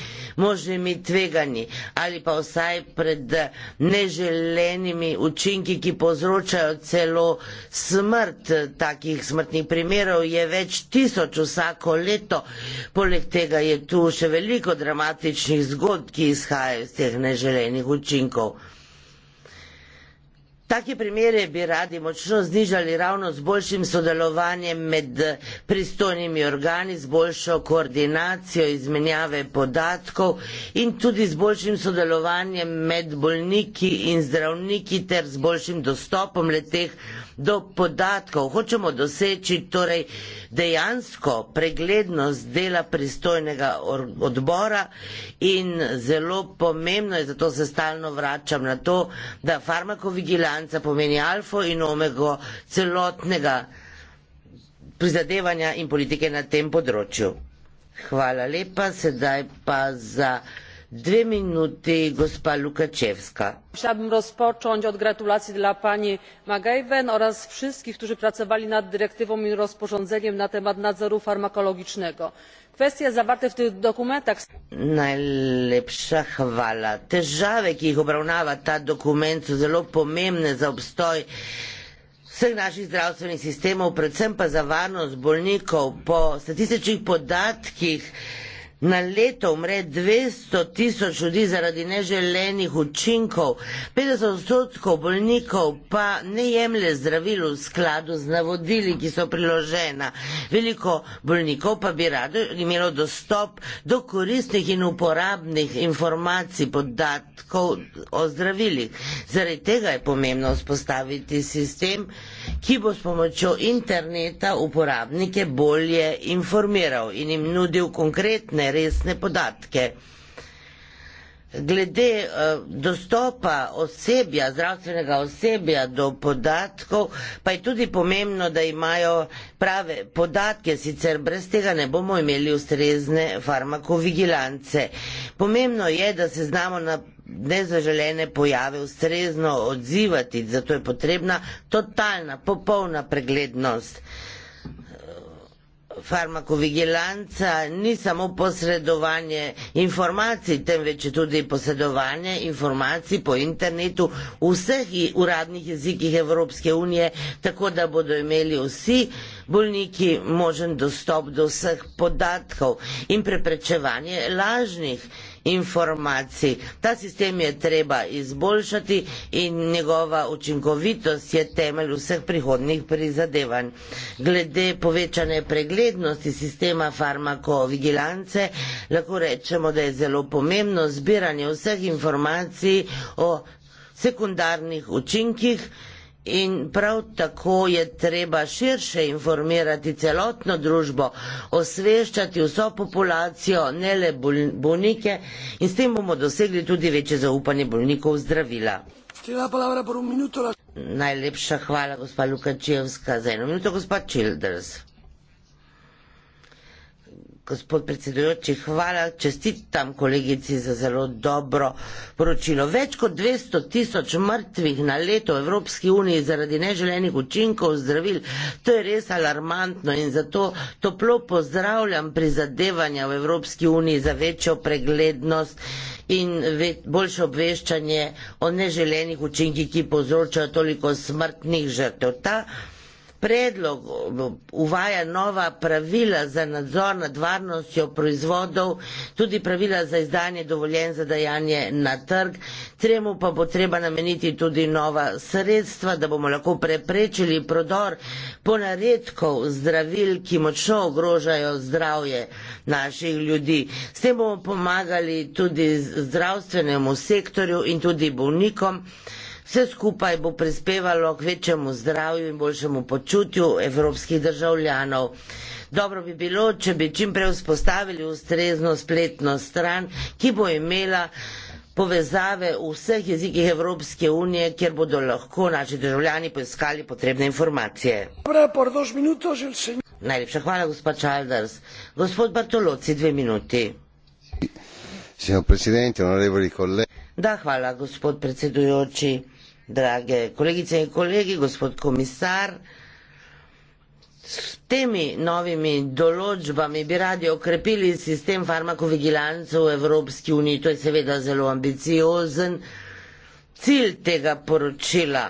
možnimi tveganji ali pa vsaj pred neželenimi učinki, ki povzročajo celo smrt. Takih smrtnih primerov je več tisoč vsako leto. Poleg tega je tu še veliko dramatičnih zgodb, ki izhajajo iz teh neželenih učinkov. Take primere bi radi močno znižali ravno z boljšim sodelovanjem med pristojnimi organi, z boljšo koordinacijo izmenjave podatkov in tudi z boljšim sodelovanjem med bolniki in zdravniki ter z boljšim dostopom leteh do podatkov, hočemo doseči torej dejansko preglednost dela pristojnega odbora in zelo pomembno je, zato se stalno vračam na to, da farmakovigilanca pomeni alfa in omega celotnega prizadevanja in politike na tem področju. Hvala lepa, sedaj pa za Dwie minuty, gospa Lukaczewska. Chciałabym rozpocząć od gratulacji dla pani Magajwen oraz wszystkich, którzy pracowali nad dyrektywą i rozporządzeniem na temat nadzoru farmakologicznego. Kwestie zawarte w tych dokumentach... Najlepsza chwala. Te żawe, ich obrałnawa ta dokument, są bardzo pomemne za obstoj vseh naših zdravstvenih sistemov, predvsem pa za varnost bolnikov. Po statističnih podatkih Na leto umre 200 tisoč ljudi zaradi neželenih učinkov, 50 odstotkov bolnikov pa ne jemlje zdravil v skladu z navodili, ki so priložena. Veliko bolnikov pa bi rado imelo dostop do koristnih in uporabnih informacij, podatkov o zdravilih. Zaradi tega je pomembno vzpostaviti sistem, ki bo s pomočjo interneta uporabnike bolje informiral in jim nudil konkretne resne podatke. Glede eh, dostopa osebja, zdravstvenega osebja do podatkov, pa je tudi pomembno, da imajo prave podatke, sicer brez tega ne bomo imeli ustrezne farmakovigilance. Pomembno je, da se znamo na nezaželene pojave ustrezno odzivati, zato je potrebna totalna, popolna preglednost farmakovigilanca ni samo posredovanje informacij, temveč tudi posredovanje informacij po internetu v vseh uradnih jezikih Evropske unije, tako da bodo imeli vsi bolniki možen dostop do vseh podatkov in preprečevanje lažnih informacij informacij. Ta sistem je treba izboljšati in njegova učinkovitost je temelj vseh prihodnih prizadevanj. Glede povečane preglednosti sistema farmakovigilance lahko rečemo, da je zelo pomembno zbiranje vseh informacij o sekundarnih učinkih, In prav tako je treba širše informirati celotno družbo, osveščati vso populacijo, ne le bolnike in s tem bomo dosegli tudi večje zaupanje bolnikov zdravila. Najlepša hvala, gospa Lukačevska, za eno minuto, gospa Childers. Gospod predsedujoči, hvala, čestitam kolegici za zelo dobro poročilo. Več kot 200 tisoč mrtvih na leto v Evropski uniji zaradi neželenih učinkov zdravil, to je res alarmantno in zato toplo pozdravljam prizadevanja v Evropski uniji za večjo preglednost in ve, boljše obveščanje o neželenih učinkih, ki povzročajo toliko smrtnih žrtev predlog uvaja nova pravila za nadzor nad varnostjo proizvodov, tudi pravila za izdanje dovoljen za dajanje na trg, tremu pa bo treba nameniti tudi nova sredstva, da bomo lahko preprečili prodor ponaredkov zdravil, ki močno ogrožajo zdravje naših ljudi. S tem bomo pomagali tudi zdravstvenemu sektorju in tudi bolnikom. Vse skupaj bo prispevalo k večjemu zdravju in boljšemu počutju evropskih državljanov. Dobro bi bilo, če bi čim prej vzpostavili ustrezno spletno stran, ki bo imela povezave v vseh jezikih Evropske unije, kjer bodo lahko naši državljani poiskali potrebne informacije. Najlepša hvala, gospod Čaldars. Gospod Bartoloci, dve minuti. Da, hvala, gospod predsedujoči drage kolegice in kolegi, gospod komisar. S temi novimi določbami bi radi okrepili sistem farmakovigilance v Evropski uniji. To je seveda zelo ambiciozen cilj tega poročila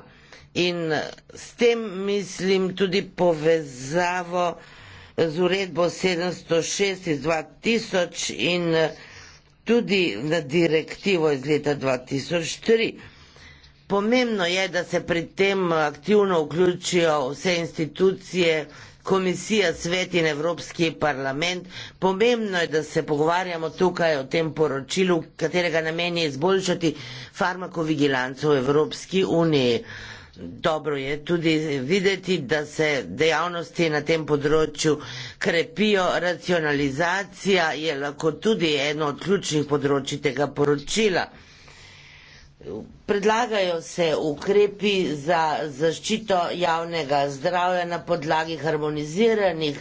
in s tem mislim tudi povezavo z uredbo 706 iz 2000 in tudi na direktivo iz leta 2003. Pomembno je, da se pri tem aktivno vključijo vse institucije, komisija, svet in Evropski parlament. Pomembno je, da se pogovarjamo tukaj o tem poročilu, katerega namen je izboljšati farmakovigilanco v Evropski uniji. Dobro je tudi videti, da se dejavnosti na tem področju krepijo. Racionalizacija je lahko tudi eno od ključnih področji tega poročila. Predlagajo se ukrepi za zaščito javnega zdravja na podlagi harmoniziranih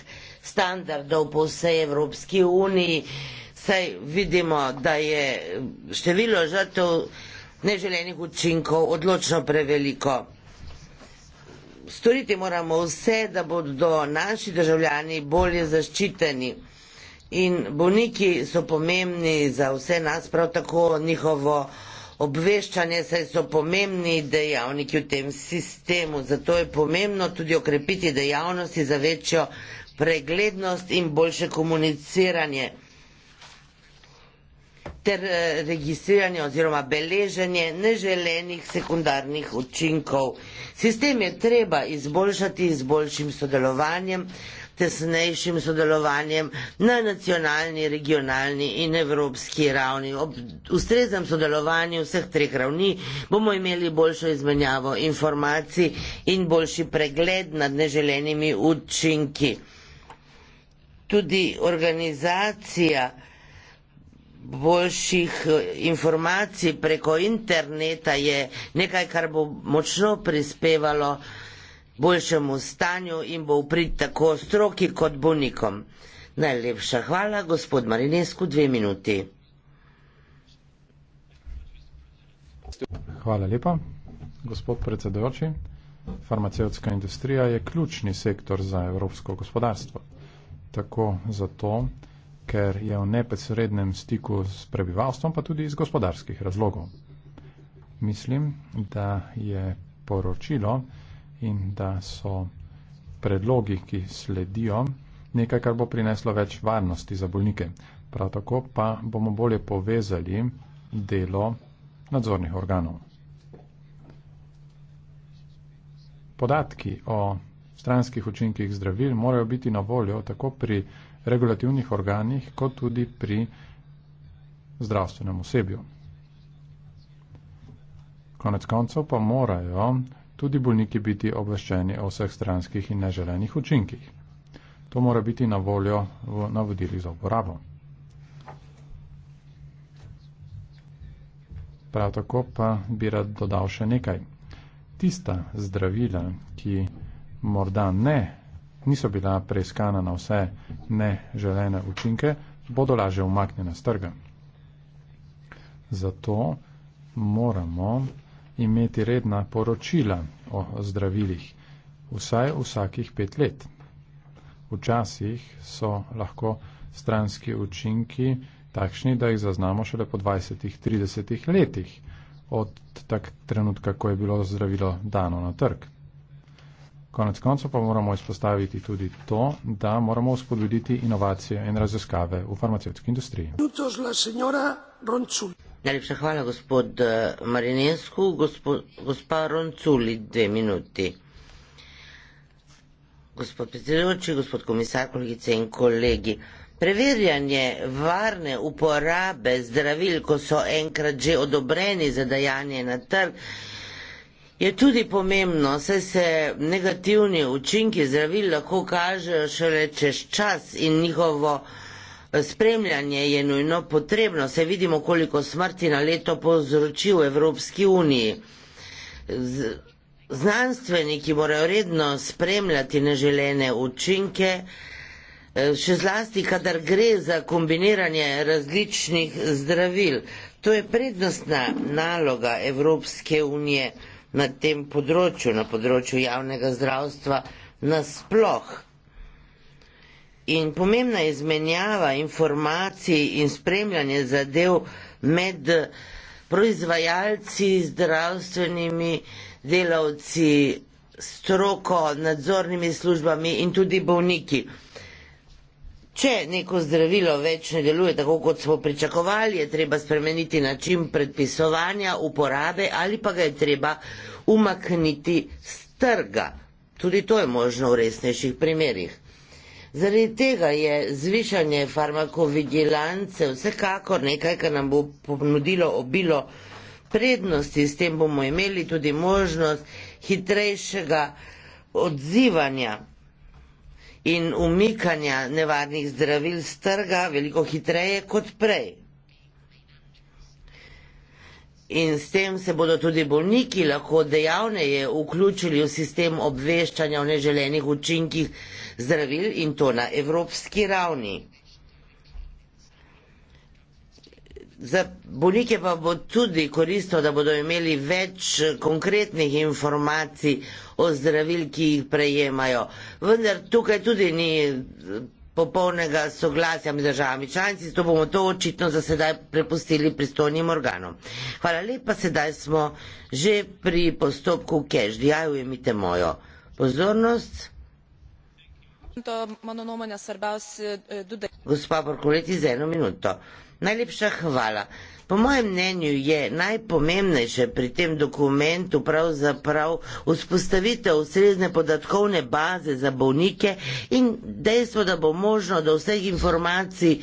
standardov po vsej Evropski uniji. Saj vidimo, da je število žrtev neželenih učinkov odločno preveliko. Storiti moramo vse, da bodo naši državljani bolje zaščiteni. In bolniki so pomembni za vse nas, prav tako njihovo obveščanje, saj so pomembni dejavniki v tem sistemu. Zato je pomembno tudi okrepiti dejavnosti za večjo preglednost in boljše komuniciranje ter eh, registriranje oziroma beleženje neželenih sekundarnih učinkov. Sistem je treba izboljšati z boljšim sodelovanjem tesnejšim sodelovanjem na nacionalni, regionalni in evropski ravni. Ob ustreznem sodelovanju vseh treh ravni bomo imeli boljšo izmenjavo informacij in boljši pregled nad neželenimi učinki. Tudi organizacija boljših eh, informacij preko interneta je nekaj, kar bo močno prispevalo boljšemu stanju in bo uprit tako stroki kot bolnikom. Najlepša hvala, gospod Marinesku, dve minuti. Hvala lepa, gospod predsedujoči. Farmacevtska industrija je ključni sektor za evropsko gospodarstvo. Tako zato, ker je v neposrednem stiku s prebivalstvom, pa tudi iz gospodarskih razlogov. Mislim, da je poročilo, in da so predlogi, ki sledijo, nekaj, kar bo prineslo več varnosti za bolnike. Prav tako pa bomo bolje povezali delo nadzornih organov. Podatki o stranskih učinkih zdravil morajo biti na voljo tako pri regulativnih organih, kot tudi pri zdravstvenem osebju. Konec koncev pa morajo tudi bolniki biti obveščeni o vseh stranskih in neželenih učinkih. To mora biti na voljo v navodilih za uporabo. Prav tako pa bi rad dodal še nekaj. Tista zdravila, ki morda ne, niso bila preiskana na vse neželene učinke, bodo lažje umaknjene z trga. Zato moramo imeti redna poročila o zdravilih, vsaj vsakih pet let. Včasih so lahko stranski učinki takšni, da jih zaznamo šele po 20-30 letih, od tak trenutka, ko je bilo zdravilo dano na trg. Konec koncev pa moramo izpostaviti tudi to, da moramo spodbuditi inovacije in raziskave v farmacevtski industriji. Najlepša hvala, gospod eh, Marinescu. Gospo, gospa Ronculi, dve minuti. Gospod predsedujoči, gospod komisar, kolegice in kolegi. Preverjanje varne uporabe zdravil, ko so enkrat že odobreni za dajanje na trg, je tudi pomembno, saj se negativni učinki zdravil lahko kažejo šele čez čas in njihovo Spremljanje je nujno potrebno, se vidimo, koliko smrti na leto povzroči v Evropski uniji. Z Znanstveniki morajo redno spremljati neželene učinke, eh, še zlasti, kadar gre za kombiniranje različnih zdravil. To je prednostna naloga Evropske unije na tem področju, na področju javnega zdravstva nasploh in pomembna izmenjava informacij in spremljanje zadev med proizvajalci, zdravstvenimi delavci, stroko, nadzornimi službami in tudi bolniki. Če neko zdravilo več ne deluje tako, kot smo pričakovali, je treba spremeniti način predpisovanja, uporabe ali pa ga je treba umakniti z trga. Tudi to je možno v resnejših primerjih. Zaradi tega je zvišanje farmakovigilance vsekakor nekaj, kar nam bo ponudilo obilo prednosti, s tem bomo imeli tudi možnost hitrejšega odzivanja in umikanja nevarnih zdravil z trga veliko hitreje kot prej. In s tem se bodo tudi bolniki lahko dejavneje vključili v sistem obveščanja o neželenih učinkih zdravil in to na evropski ravni. Za bolnike pa bo tudi koristo, da bodo imeli več konkretnih informacij o zdravil, ki jih prejemajo. Vendar tukaj tudi ni popolnega soglasja med državami članici, zato bomo to očitno za sedaj prepustili pristojnim organom. Hvala lepa, sedaj smo že pri postopku Cash. Dijaju imite mojo pozornost. E, Gospa Borkoleti, za eno minuto. Najlepša hvala. Po mojem mnenju je najpomembnejše pri tem dokumentu pravzaprav vzpostavitev ustrezne podatkovne baze za bolnike in dejstvo, da bo možno do vseh informacij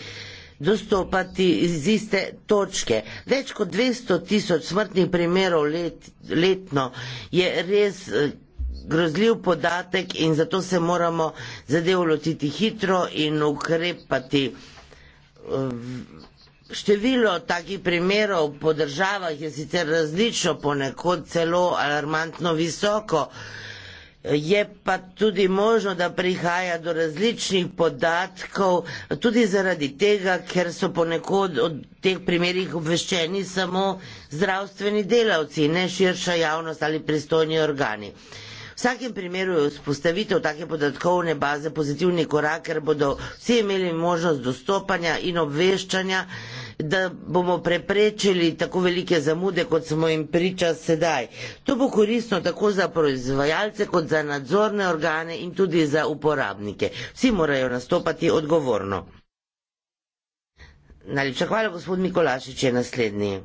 dostopati iz iste točke. Več kot 200 tisoč smrtnih primerov let, letno je res e, grozljiv podatek in zato se moramo zadev lotiti hitro in ukrepati. Število takih primerov po državah je sicer različno, ponekod celo alarmantno visoko. Je pa tudi možno, da prihaja do različnih podatkov, tudi zaradi tega, ker so ponekod od teh primerih obveščeni samo zdravstveni delavci, ne širša javnost ali pristojni organi vsakem primeru je vzpostavitev take podatkovne baze pozitivni korak, ker bodo vsi imeli možnost dostopanja in obveščanja, da bomo preprečili tako velike zamude, kot smo jim priča sedaj. To bo koristno tako za proizvajalce, kot za nadzorne organe in tudi za uporabnike. Vsi morajo nastopati odgovorno. Najlepša hvala, gospod Mikolašič je naslednji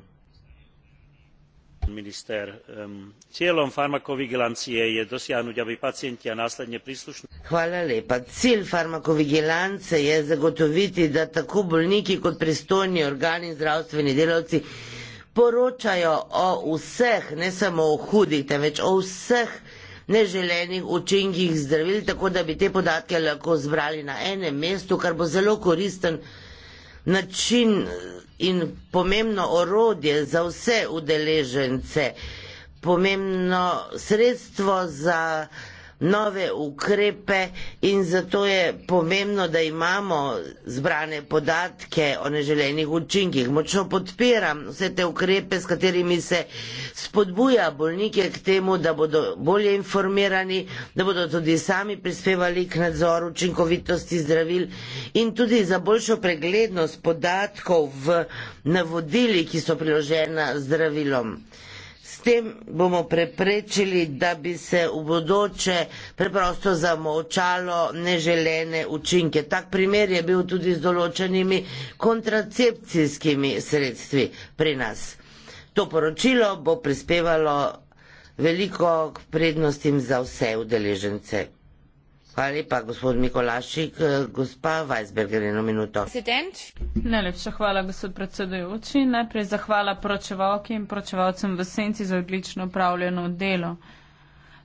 cieľom farmakovigilancie je dosiahnuť aby pacienti a následne príslušné. Hvala lepa. Cilj farmakovigilance je zagotoviti, da tako bolniki kot pristojni organi in zdravstveni delavci poročajo o vseh, ne samo o hudih, temveč o vseh neželenih učinkih zdravil, tako da bi te podatke lahko zbrali na enem mestu, kar bo zelo koristen način in pomembno orodje za vse udeležence, pomembno sredstvo za nove ukrepe in zato je pomembno, da imamo zbrane podatke o neželenih učinkih. Močno podpiram vse te ukrepe, s katerimi se spodbuja bolnike k temu, da bodo bolje informirani, da bodo tudi sami prispevali k nadzoru učinkovitosti zdravil in tudi za boljšo preglednost podatkov v navodili, ki so priložena zdravilom tem bomo preprečili, da bi se v bodoče preprosto zamovčalo neželene učinke. Tak primer je bil tudi z določenimi kontracepcijskimi sredstvi pri nas. To poročilo bo prispevalo veliko k prednostim za vse udeležence. Hvala lepa, gospod Mikolašik. Gospa Weisberger, eno minuto. Sedent. Najlepša hvala, gospod predsedujoči. Najprej zahvala poročevalki in poročevalcem v senci za odlično upravljeno delo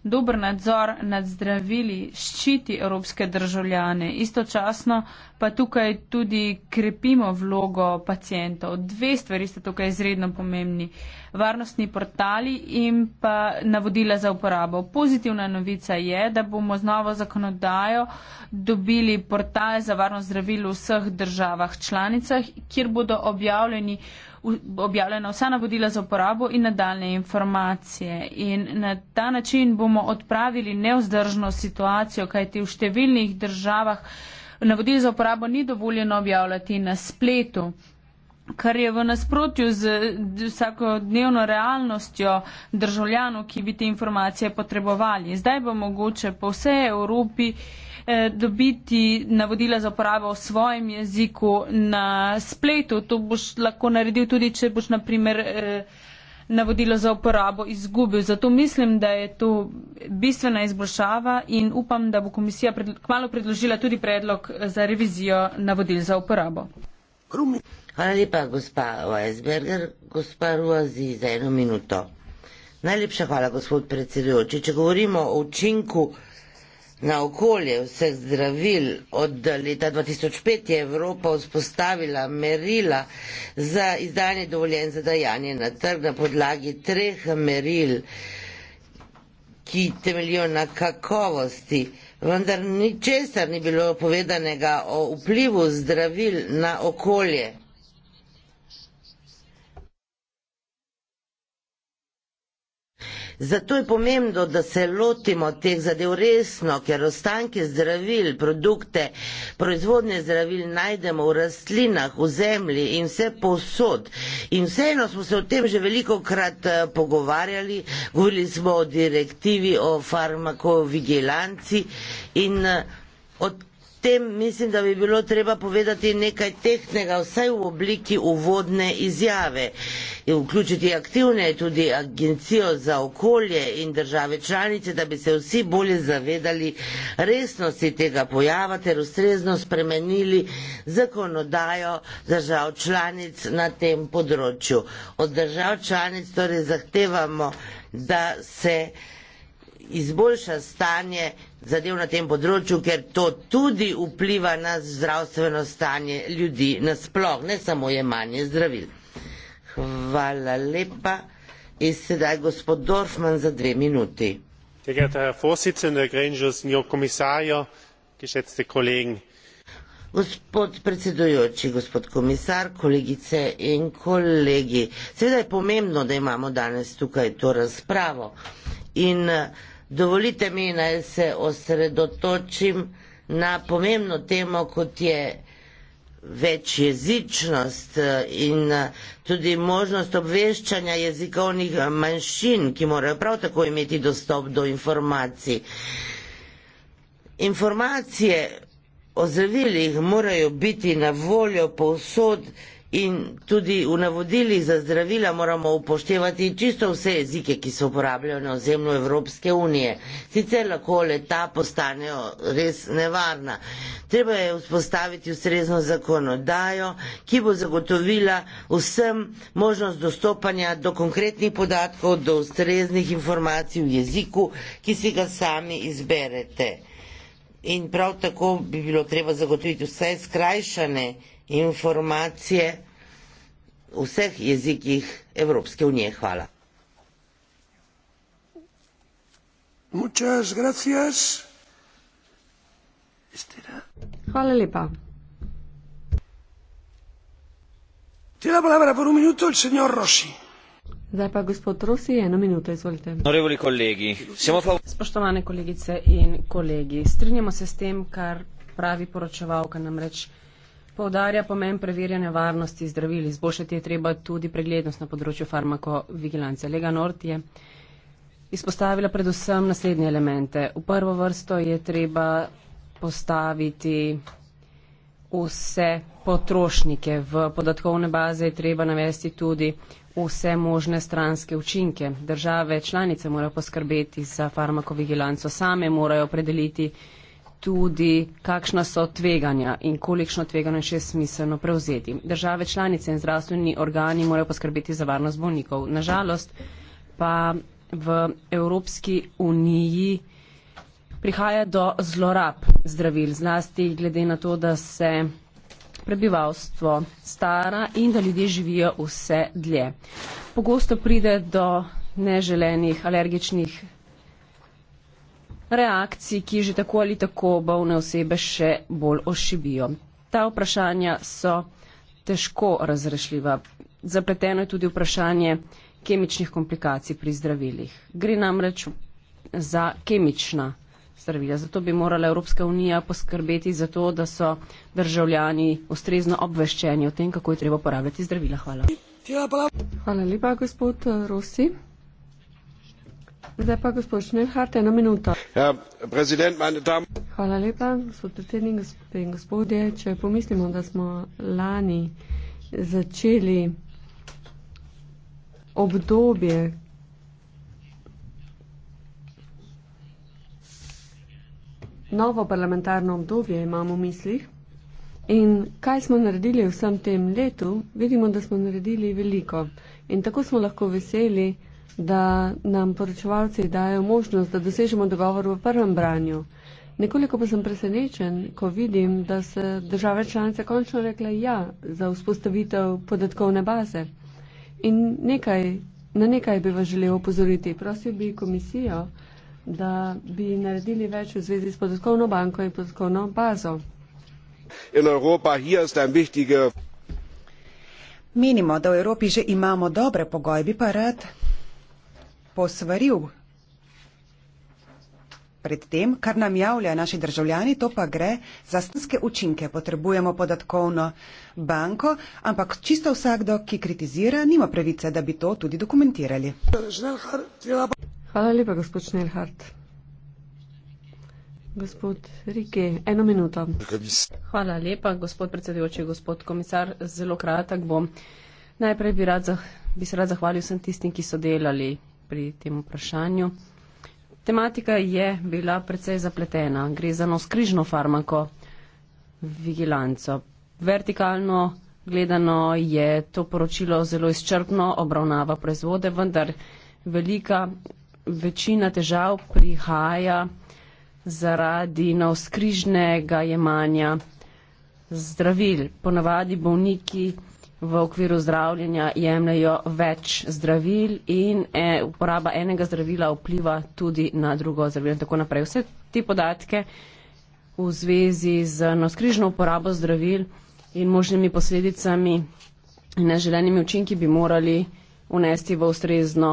dober nadzor nad zdravili ščiti evropske državljane. Istočasno pa tukaj tudi krepimo vlogo pacijentov. Dve stvari sta tukaj izredno pomembni. Varnostni portali in pa navodila za uporabo. Pozitivna novica je, da bomo z novo zakonodajo dobili portal za varnost zdravil v vseh državah članicah, kjer bodo objavljeni objavljena vsa navodila za uporabo in nadaljne informacije. In na ta način bomo odpravili neozdržno situacijo, kajti v številnih državah navodil za uporabo ni dovoljeno objavljati na spletu kar je v nasprotju z vsakodnevno realnostjo državljanov, ki bi te informacije potrebovali. Zdaj bo mogoče po vsej Evropi uh, Eh, dobiti navodila za uporabo v svojem jeziku na spletu. To boš lahko naredil tudi, če boš naprimer eh, navodilo za uporabo izgubil. Zato mislim, da je to bistvena izboljšava in upam, da bo komisija kmalo predložila tudi predlog eh, za revizijo navodil za uporabo. Hvala lepa, gospa Weisberger, gospa Ruazi, za eno minuto. Najlepša hvala, gospod predsedujoči. Če govorimo o učinku na okolje vseh zdravil. Od leta 2005 je Evropa vzpostavila merila za izdanje dovoljenj za dajanje na trg na podlagi treh meril, ki temeljijo na kakovosti. Vendar ničesar ni bilo povedanega o vplivu zdravil na okolje. Zato je pomembno, da se lotimo teh zadev resno, ker ostanke zdravil, produkte, proizvodne zdravil najdemo v rastlinah, v zemlji in vse posod. In vseeno smo se o tem že veliko krat eh, pogovarjali, govorili smo o direktivi, o farmakovigilanci in eh, od tem mislim, da bi bilo treba povedati nekaj tehnega, vsaj v obliki uvodne izjave. In vključiti aktivne tudi agencijo za okolje in države članice, da bi se vsi bolje zavedali resnosti tega pojava ter ustrezno spremenili zakonodajo držav članic na tem področju. Od držav članic torej zahtevamo, da se izboljša stanje zadev na tem področju, ker to tudi vpliva na zdravstveno stanje ljudi nasploh, ne samo jemanje zdravil. Hvala lepa. In sedaj gospod Dorfman za dve minuti. Gospod predsedujoči, gospod komisar, kolegice in kolegi. Seveda je pomembno, da imamo danes tukaj to razpravo. In uh, Dovolite mi, naj se osredotočim na pomembno temo, kot je večjezičnost eh, in eh, tudi možnost obveščanja jezikovnih eh, manjšin, ki morajo prav tako imeti dostop do informacij. Informacije o zavilih morajo biti na voljo povsod, In tudi v navodilih za zdravila moramo upoštevati čisto vse jezike, ki se uporabljajo na ozemlju Evropske unije. Sicer lahko leta postanejo res nevarna. Treba je vzpostaviti ustrezno zakonodajo, ki bo zagotovila vsem možnost dostopanja do konkretnih podatkov, do ustreznih informacij v jeziku, ki si ga sami izberete. In prav tako bi bilo treba zagotoviti vse skrajšane informacije v vseh jezikih Evropske unije. Hvala. Muchas gracias. Estera. Hvala lepa. Tiene la palabra por un minuto el señor Rossi. Zdaj pa gospod Rossi, eno minuto, izvolite. Spoštovane kolegice in kolegi, strinjamo se s tem, kar pravi poročevalka namreč poudarja pomen preverjanja varnosti zdravil. Izboljšati je treba tudi preglednost na področju farmakovigilance. Lega Nord je izpostavila predvsem naslednje elemente. V prvo vrsto je treba postaviti vse potrošnike. V podatkovne baze je treba navesti tudi vse možne stranske učinke. Države članice morajo poskrbeti za farmakovigilanco. Same morajo predeliti tudi, kakšna so tveganja in kolikšno tveganje še je smiselno prevzeti. Države članice in zdravstveni organi morajo poskrbeti za varnost bolnikov. Nažalost pa v Evropski uniji prihaja do zlorab zdravil, zlasti glede na to, da se prebivalstvo stara in da ljudje živijo vse dlje. Pogosto pride do neželenih alergičnih reakciji, ki že tako ali tako bolne osebe še bolj ošibijo. Ta vprašanja so težko razrešljiva. Zapleteno je tudi vprašanje kemičnih komplikacij pri zdravilih. Gre namreč za kemična zdravila. Zato bi morala Evropska unija poskrbeti za to, da so državljani ustrezno obveščeni o tem, kako je treba uporabljati zdravila. Hvala. Hvala lepa, gospod Rosi. Zdaj pa gospod Šnenhart, ena minuta. Ja, Če pomislimo, da smo lani začeli obdobje, novo parlamentarno obdobje imamo v mislih in kaj smo naredili v vsem tem letu, vidimo, da smo naredili veliko. In tako smo lahko veseli, da nam poročevalci dajo možnost, da dosežemo dogovor v prvem branju. Nekoliko pa sem presenečen, ko vidim, da se države članice končno rekle ja za vzpostavitev podatkovne baze. In nekaj, na nekaj bi vas želel opozoriti. Prosil bi komisijo, da bi naredili več v zvezi s podatkovno banko in podatkovno bazo. In Evropa, hier ste wichtige. Menimo, da v Evropi že imamo dobre pogoje, bi pa rad posvaril pred tem, kar nam javljajo naši državljani, to pa gre za stanske učinke. Potrebujemo podatkovno banko, ampak čisto vsakdo, ki kritizira, nima pravice, da bi to tudi dokumentirali. Hvala lepa, gospod Šnelhardt. Gospod Rike, eno minuto. Hvala lepa, gospod predsedujoči, gospod komisar, zelo kratek bom. Najprej bi, rad, bi se rad zahvalil vsem tistim, ki so delali pri tem vprašanju. Tematika je bila precej zapletena. Gre za noskrižno farmako vigilanco. Vertikalno gledano je to poročilo zelo izčrpno, obravnava proizvode, vendar velika večina težav prihaja zaradi navskrižnega jemanja zdravil. Ponavadi bolniki v okviru zdravljenja jemljajo več zdravil in e, uporaba enega zdravila vpliva tudi na drugo zdravilo in tako naprej. Vse te podatke v zvezi z noskrižno uporabo zdravil in možnimi posledicami in neželenimi učinki bi morali unesti v ustrezno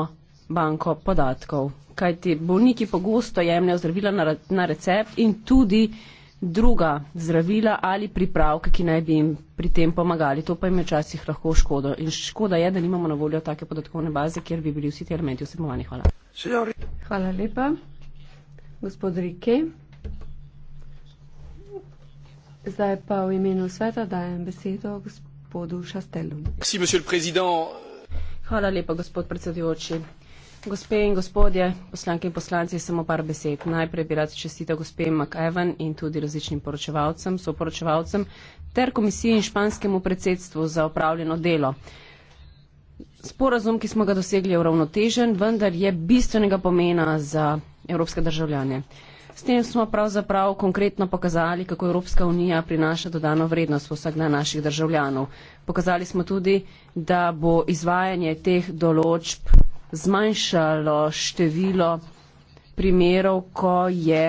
banko podatkov. Kajti bolniki pogosto jemljajo zdravila na, na recept in tudi druga zdravila ali pripravke, ki naj bi jim pri tem pomagali. To pa jim je včasih lahko škodo. In škoda je, da nimamo na voljo take podatkovne baze, kjer bi bili vsi ti elementi vsebovani. Hvala. Hvala lepa. Gospod Rike. Zdaj pa v imenu sveta dajem besedo gospodu Šastelu. Hvala lepa, gospod predsedujoči. Gospe in gospodje, poslanke in poslanci, samo par besed. Najprej bi rad čestitev gospe McEwan in tudi različnim poročevalcem, soporočevalcem ter komisiji in španskemu predsedstvu za opravljeno delo. Sporazum, ki smo ga dosegli, je uravnotežen, vendar je bistvenega pomena za evropske državljane. S tem smo pravzaprav konkretno pokazali, kako Evropska unija prinaša dodano vrednost v vsak dan naših državljanov. Pokazali smo tudi, da bo izvajanje teh določb zmanjšalo število primerov, ko je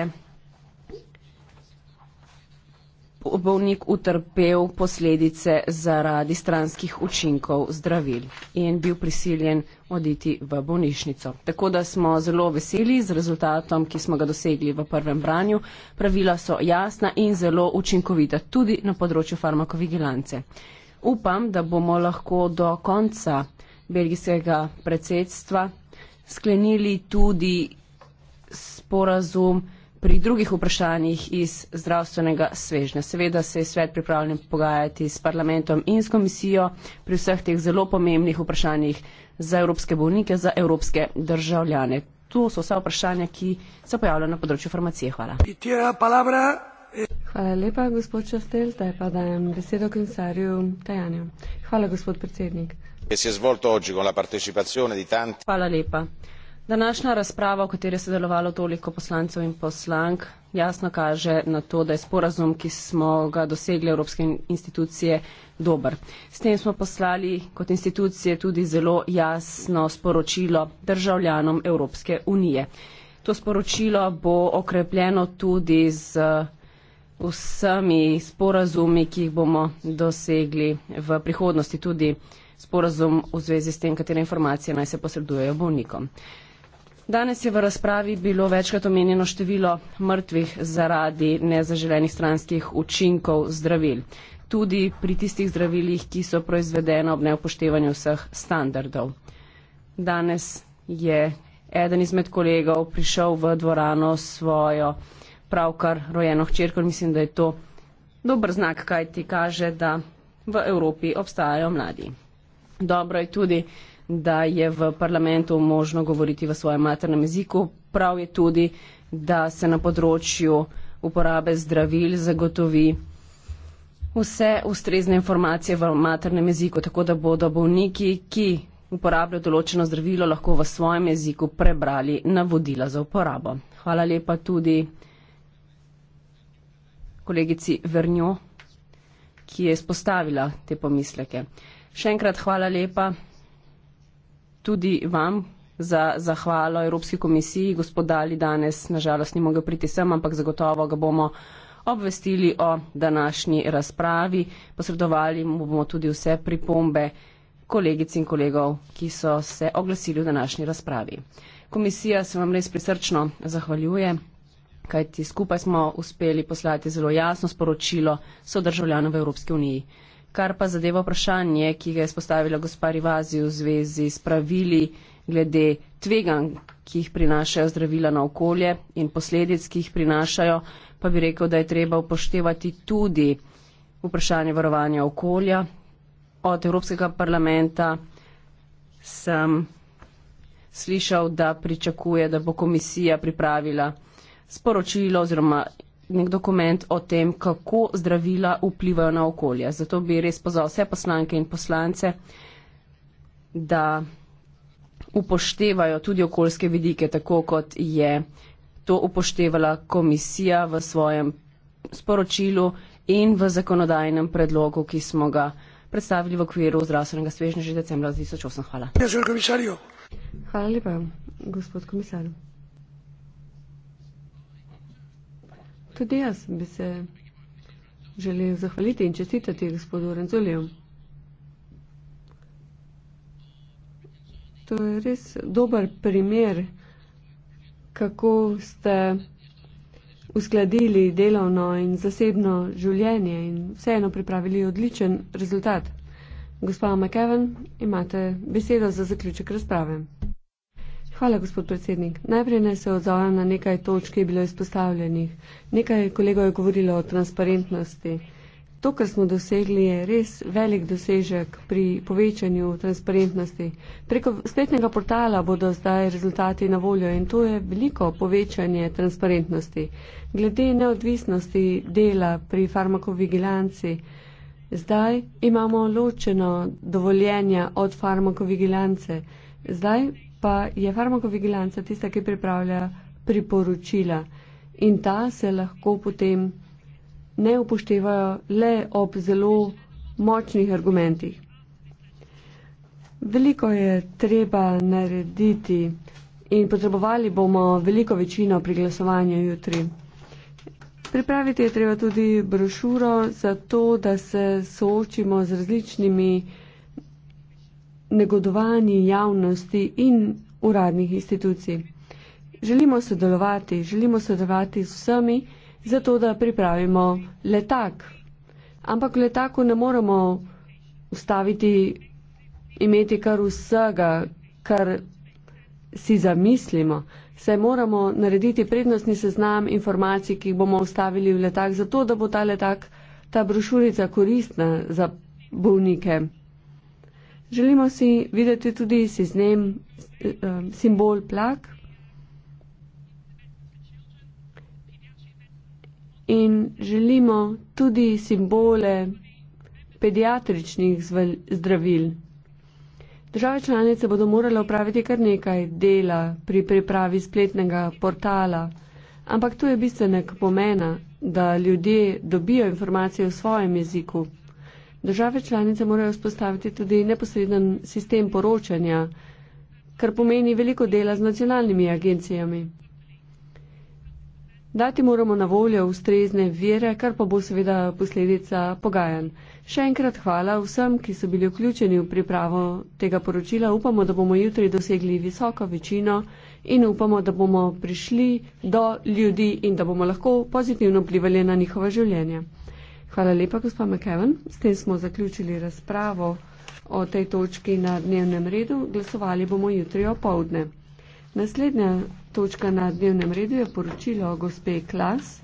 bolnik utrpel posledice zaradi stranskih učinkov zdravil in bil prisiljen oditi v bolnišnico. Tako da smo zelo veseli z rezultatom, ki smo ga dosegli v prvem branju. Pravila so jasna in zelo učinkovita tudi na področju farmakovigilance. Upam, da bomo lahko do konca belgijskega predsedstva sklenili tudi sporazum pri drugih vprašanjih iz zdravstvenega svežnja. Seveda se je svet pripravljen pogajati s parlamentom in s komisijo pri vseh teh zelo pomembnih vprašanjih za evropske bolnike, za evropske državljane. To so vsa vprašanja, ki se pojavljajo na področju farmacije. Hvala. Hvala lepa, gospod Častel. Zdaj pa dajem besedo komisarju Tajanju. Hvala, gospod predsednik che si è svolto oggi con la partecipazione di tanti. Hvala lepa. Današnja razprava, v kateri je sodelovalo toliko poslancev in poslank, jasno kaže na to, da je sporazum, ki smo ga dosegli Evropske institucije, dober. S tem smo poslali kot institucije tudi zelo jasno sporočilo državljanom Evropske unije. To sporočilo bo okrepljeno tudi z vsemi sporazumi, ki jih bomo dosegli v prihodnosti tudi sporazum v zvezi s tem, katere informacije naj se posredujejo bolnikom. Danes je v razpravi bilo večkrat omenjeno število mrtvih zaradi nezaželenih stranskih učinkov zdravil. Tudi pri tistih zdravilih, ki so proizvedena ob neupoštevanju vseh standardov. Danes je eden izmed kolegov prišel v dvorano svojo pravkar rojeno hčerko in mislim, da je to dober znak, kaj ti kaže, da v Evropi obstajajo mladi. Dobro je tudi, da je v parlamentu možno govoriti v svojem maternem jeziku. Prav je tudi, da se na področju uporabe zdravil zagotovi vse ustrezne informacije v maternem jeziku, tako da bodo bolniki, ki uporabljajo določeno zdravilo, lahko v svojem jeziku prebrali navodila za uporabo. Hvala lepa tudi kolegici Vrnjo, ki je spostavila te pomisleke. Še enkrat hvala lepa tudi vam za zahvalo Evropski komisiji. Gospodali danes nažalost ni mogel priti sem, ampak zagotovo ga bomo obvestili o današnji razpravi. Posredovali mu bomo tudi vse pripombe kolegic in kolegov, ki so se oglasili v današnji razpravi. Komisija se vam res prisrčno zahvaljuje, kajti skupaj smo uspeli poslati zelo jasno sporočilo sodržavljanov v Evropski uniji kar pa zadeva vprašanje, ki ga je spostavila gospa Rivazi v zvezi s pravili glede tvegan, ki jih prinašajo zdravila na okolje in posledic, ki jih prinašajo, pa bi rekel, da je treba upoštevati tudi vprašanje varovanja okolja. Od Evropskega parlamenta sem slišal, da pričakuje, da bo komisija pripravila sporočilo oziroma nek dokument o tem, kako zdravila vplivajo na okolje. Zato bi res pozval vse poslanke in poslance, da upoštevajo tudi okoljske vidike, tako kot je to upoštevala komisija v svojem sporočilu in v zakonodajnem predlogu, ki smo ga predstavili v okviru zdravstvenega svežnja že decembra 2008. Hvala. Hvala lepa, gospod komisar. Tudi jaz bi se želel zahvaliti in čestitati gospodu Renzoliju. To je res dober primer, kako ste uskladili delovno in zasebno življenje in vseeno pripravili odličen rezultat. Gospa McEwen, imate besedo za zaključek razprave. Hvala, gospod predsednik. Najprej naj se odzovem na nekaj točk, ki je bilo izpostavljenih. Nekaj kolegov je govorilo o transparentnosti. To, kar smo dosegli, je res velik dosežek pri povečanju transparentnosti. Preko spletnega portala bodo zdaj rezultati na voljo in to je veliko povečanje transparentnosti. Glede neodvisnosti dela pri farmakovigilanci, zdaj imamo ločeno dovoljenja od farmakovigilance. Zdaj pa je farmakovigilanca tista, ki pripravlja priporočila in ta se lahko potem ne upoštevajo le ob zelo močnih argumentih. Veliko je treba narediti in potrebovali bomo veliko večino pri glasovanju jutri. Pripraviti je treba tudi brošuro za to, da se soočimo z različnimi negodovanji javnosti in uradnih institucij. Želimo sodelovati, želimo sodelovati z vsemi, zato da pripravimo letak. Ampak v letaku ne moramo ustaviti, imeti kar vsega, kar si zamislimo. Se moramo narediti prednostni seznam informacij, ki jih bomo ustavili v letak, zato da bo ta letak, ta brošurica koristna za bolnike. Želimo si videti tudi seznam, eh, simbol plak. In želimo tudi simbole pediatričnih zdravil. Države članice bodo morale upraviti kar nekaj dela pri pripravi spletnega portala, ampak tu je bistvenek pomena, da ljudje dobijo informacije v svojem jeziku. Države članice morajo spostaviti tudi neposreden sistem poročanja, kar pomeni veliko dela z nacionalnimi agencijami. Dati moramo na voljo ustrezne vire, kar pa bo seveda posledica pogajanj. Še enkrat hvala vsem, ki so bili vključeni v pripravo tega poročila. Upamo, da bomo jutri dosegli visoko večino in upamo, da bomo prišli do ljudi in da bomo lahko pozitivno vplivali na njihova življenja. Hvala lepa, gospod McKeven. S tem smo zaključili razpravo o tej točki na dnevnem redu. Glasovali bomo jutri o povdne. Naslednja točka na dnevnem redu je poročilo o gospe Klas.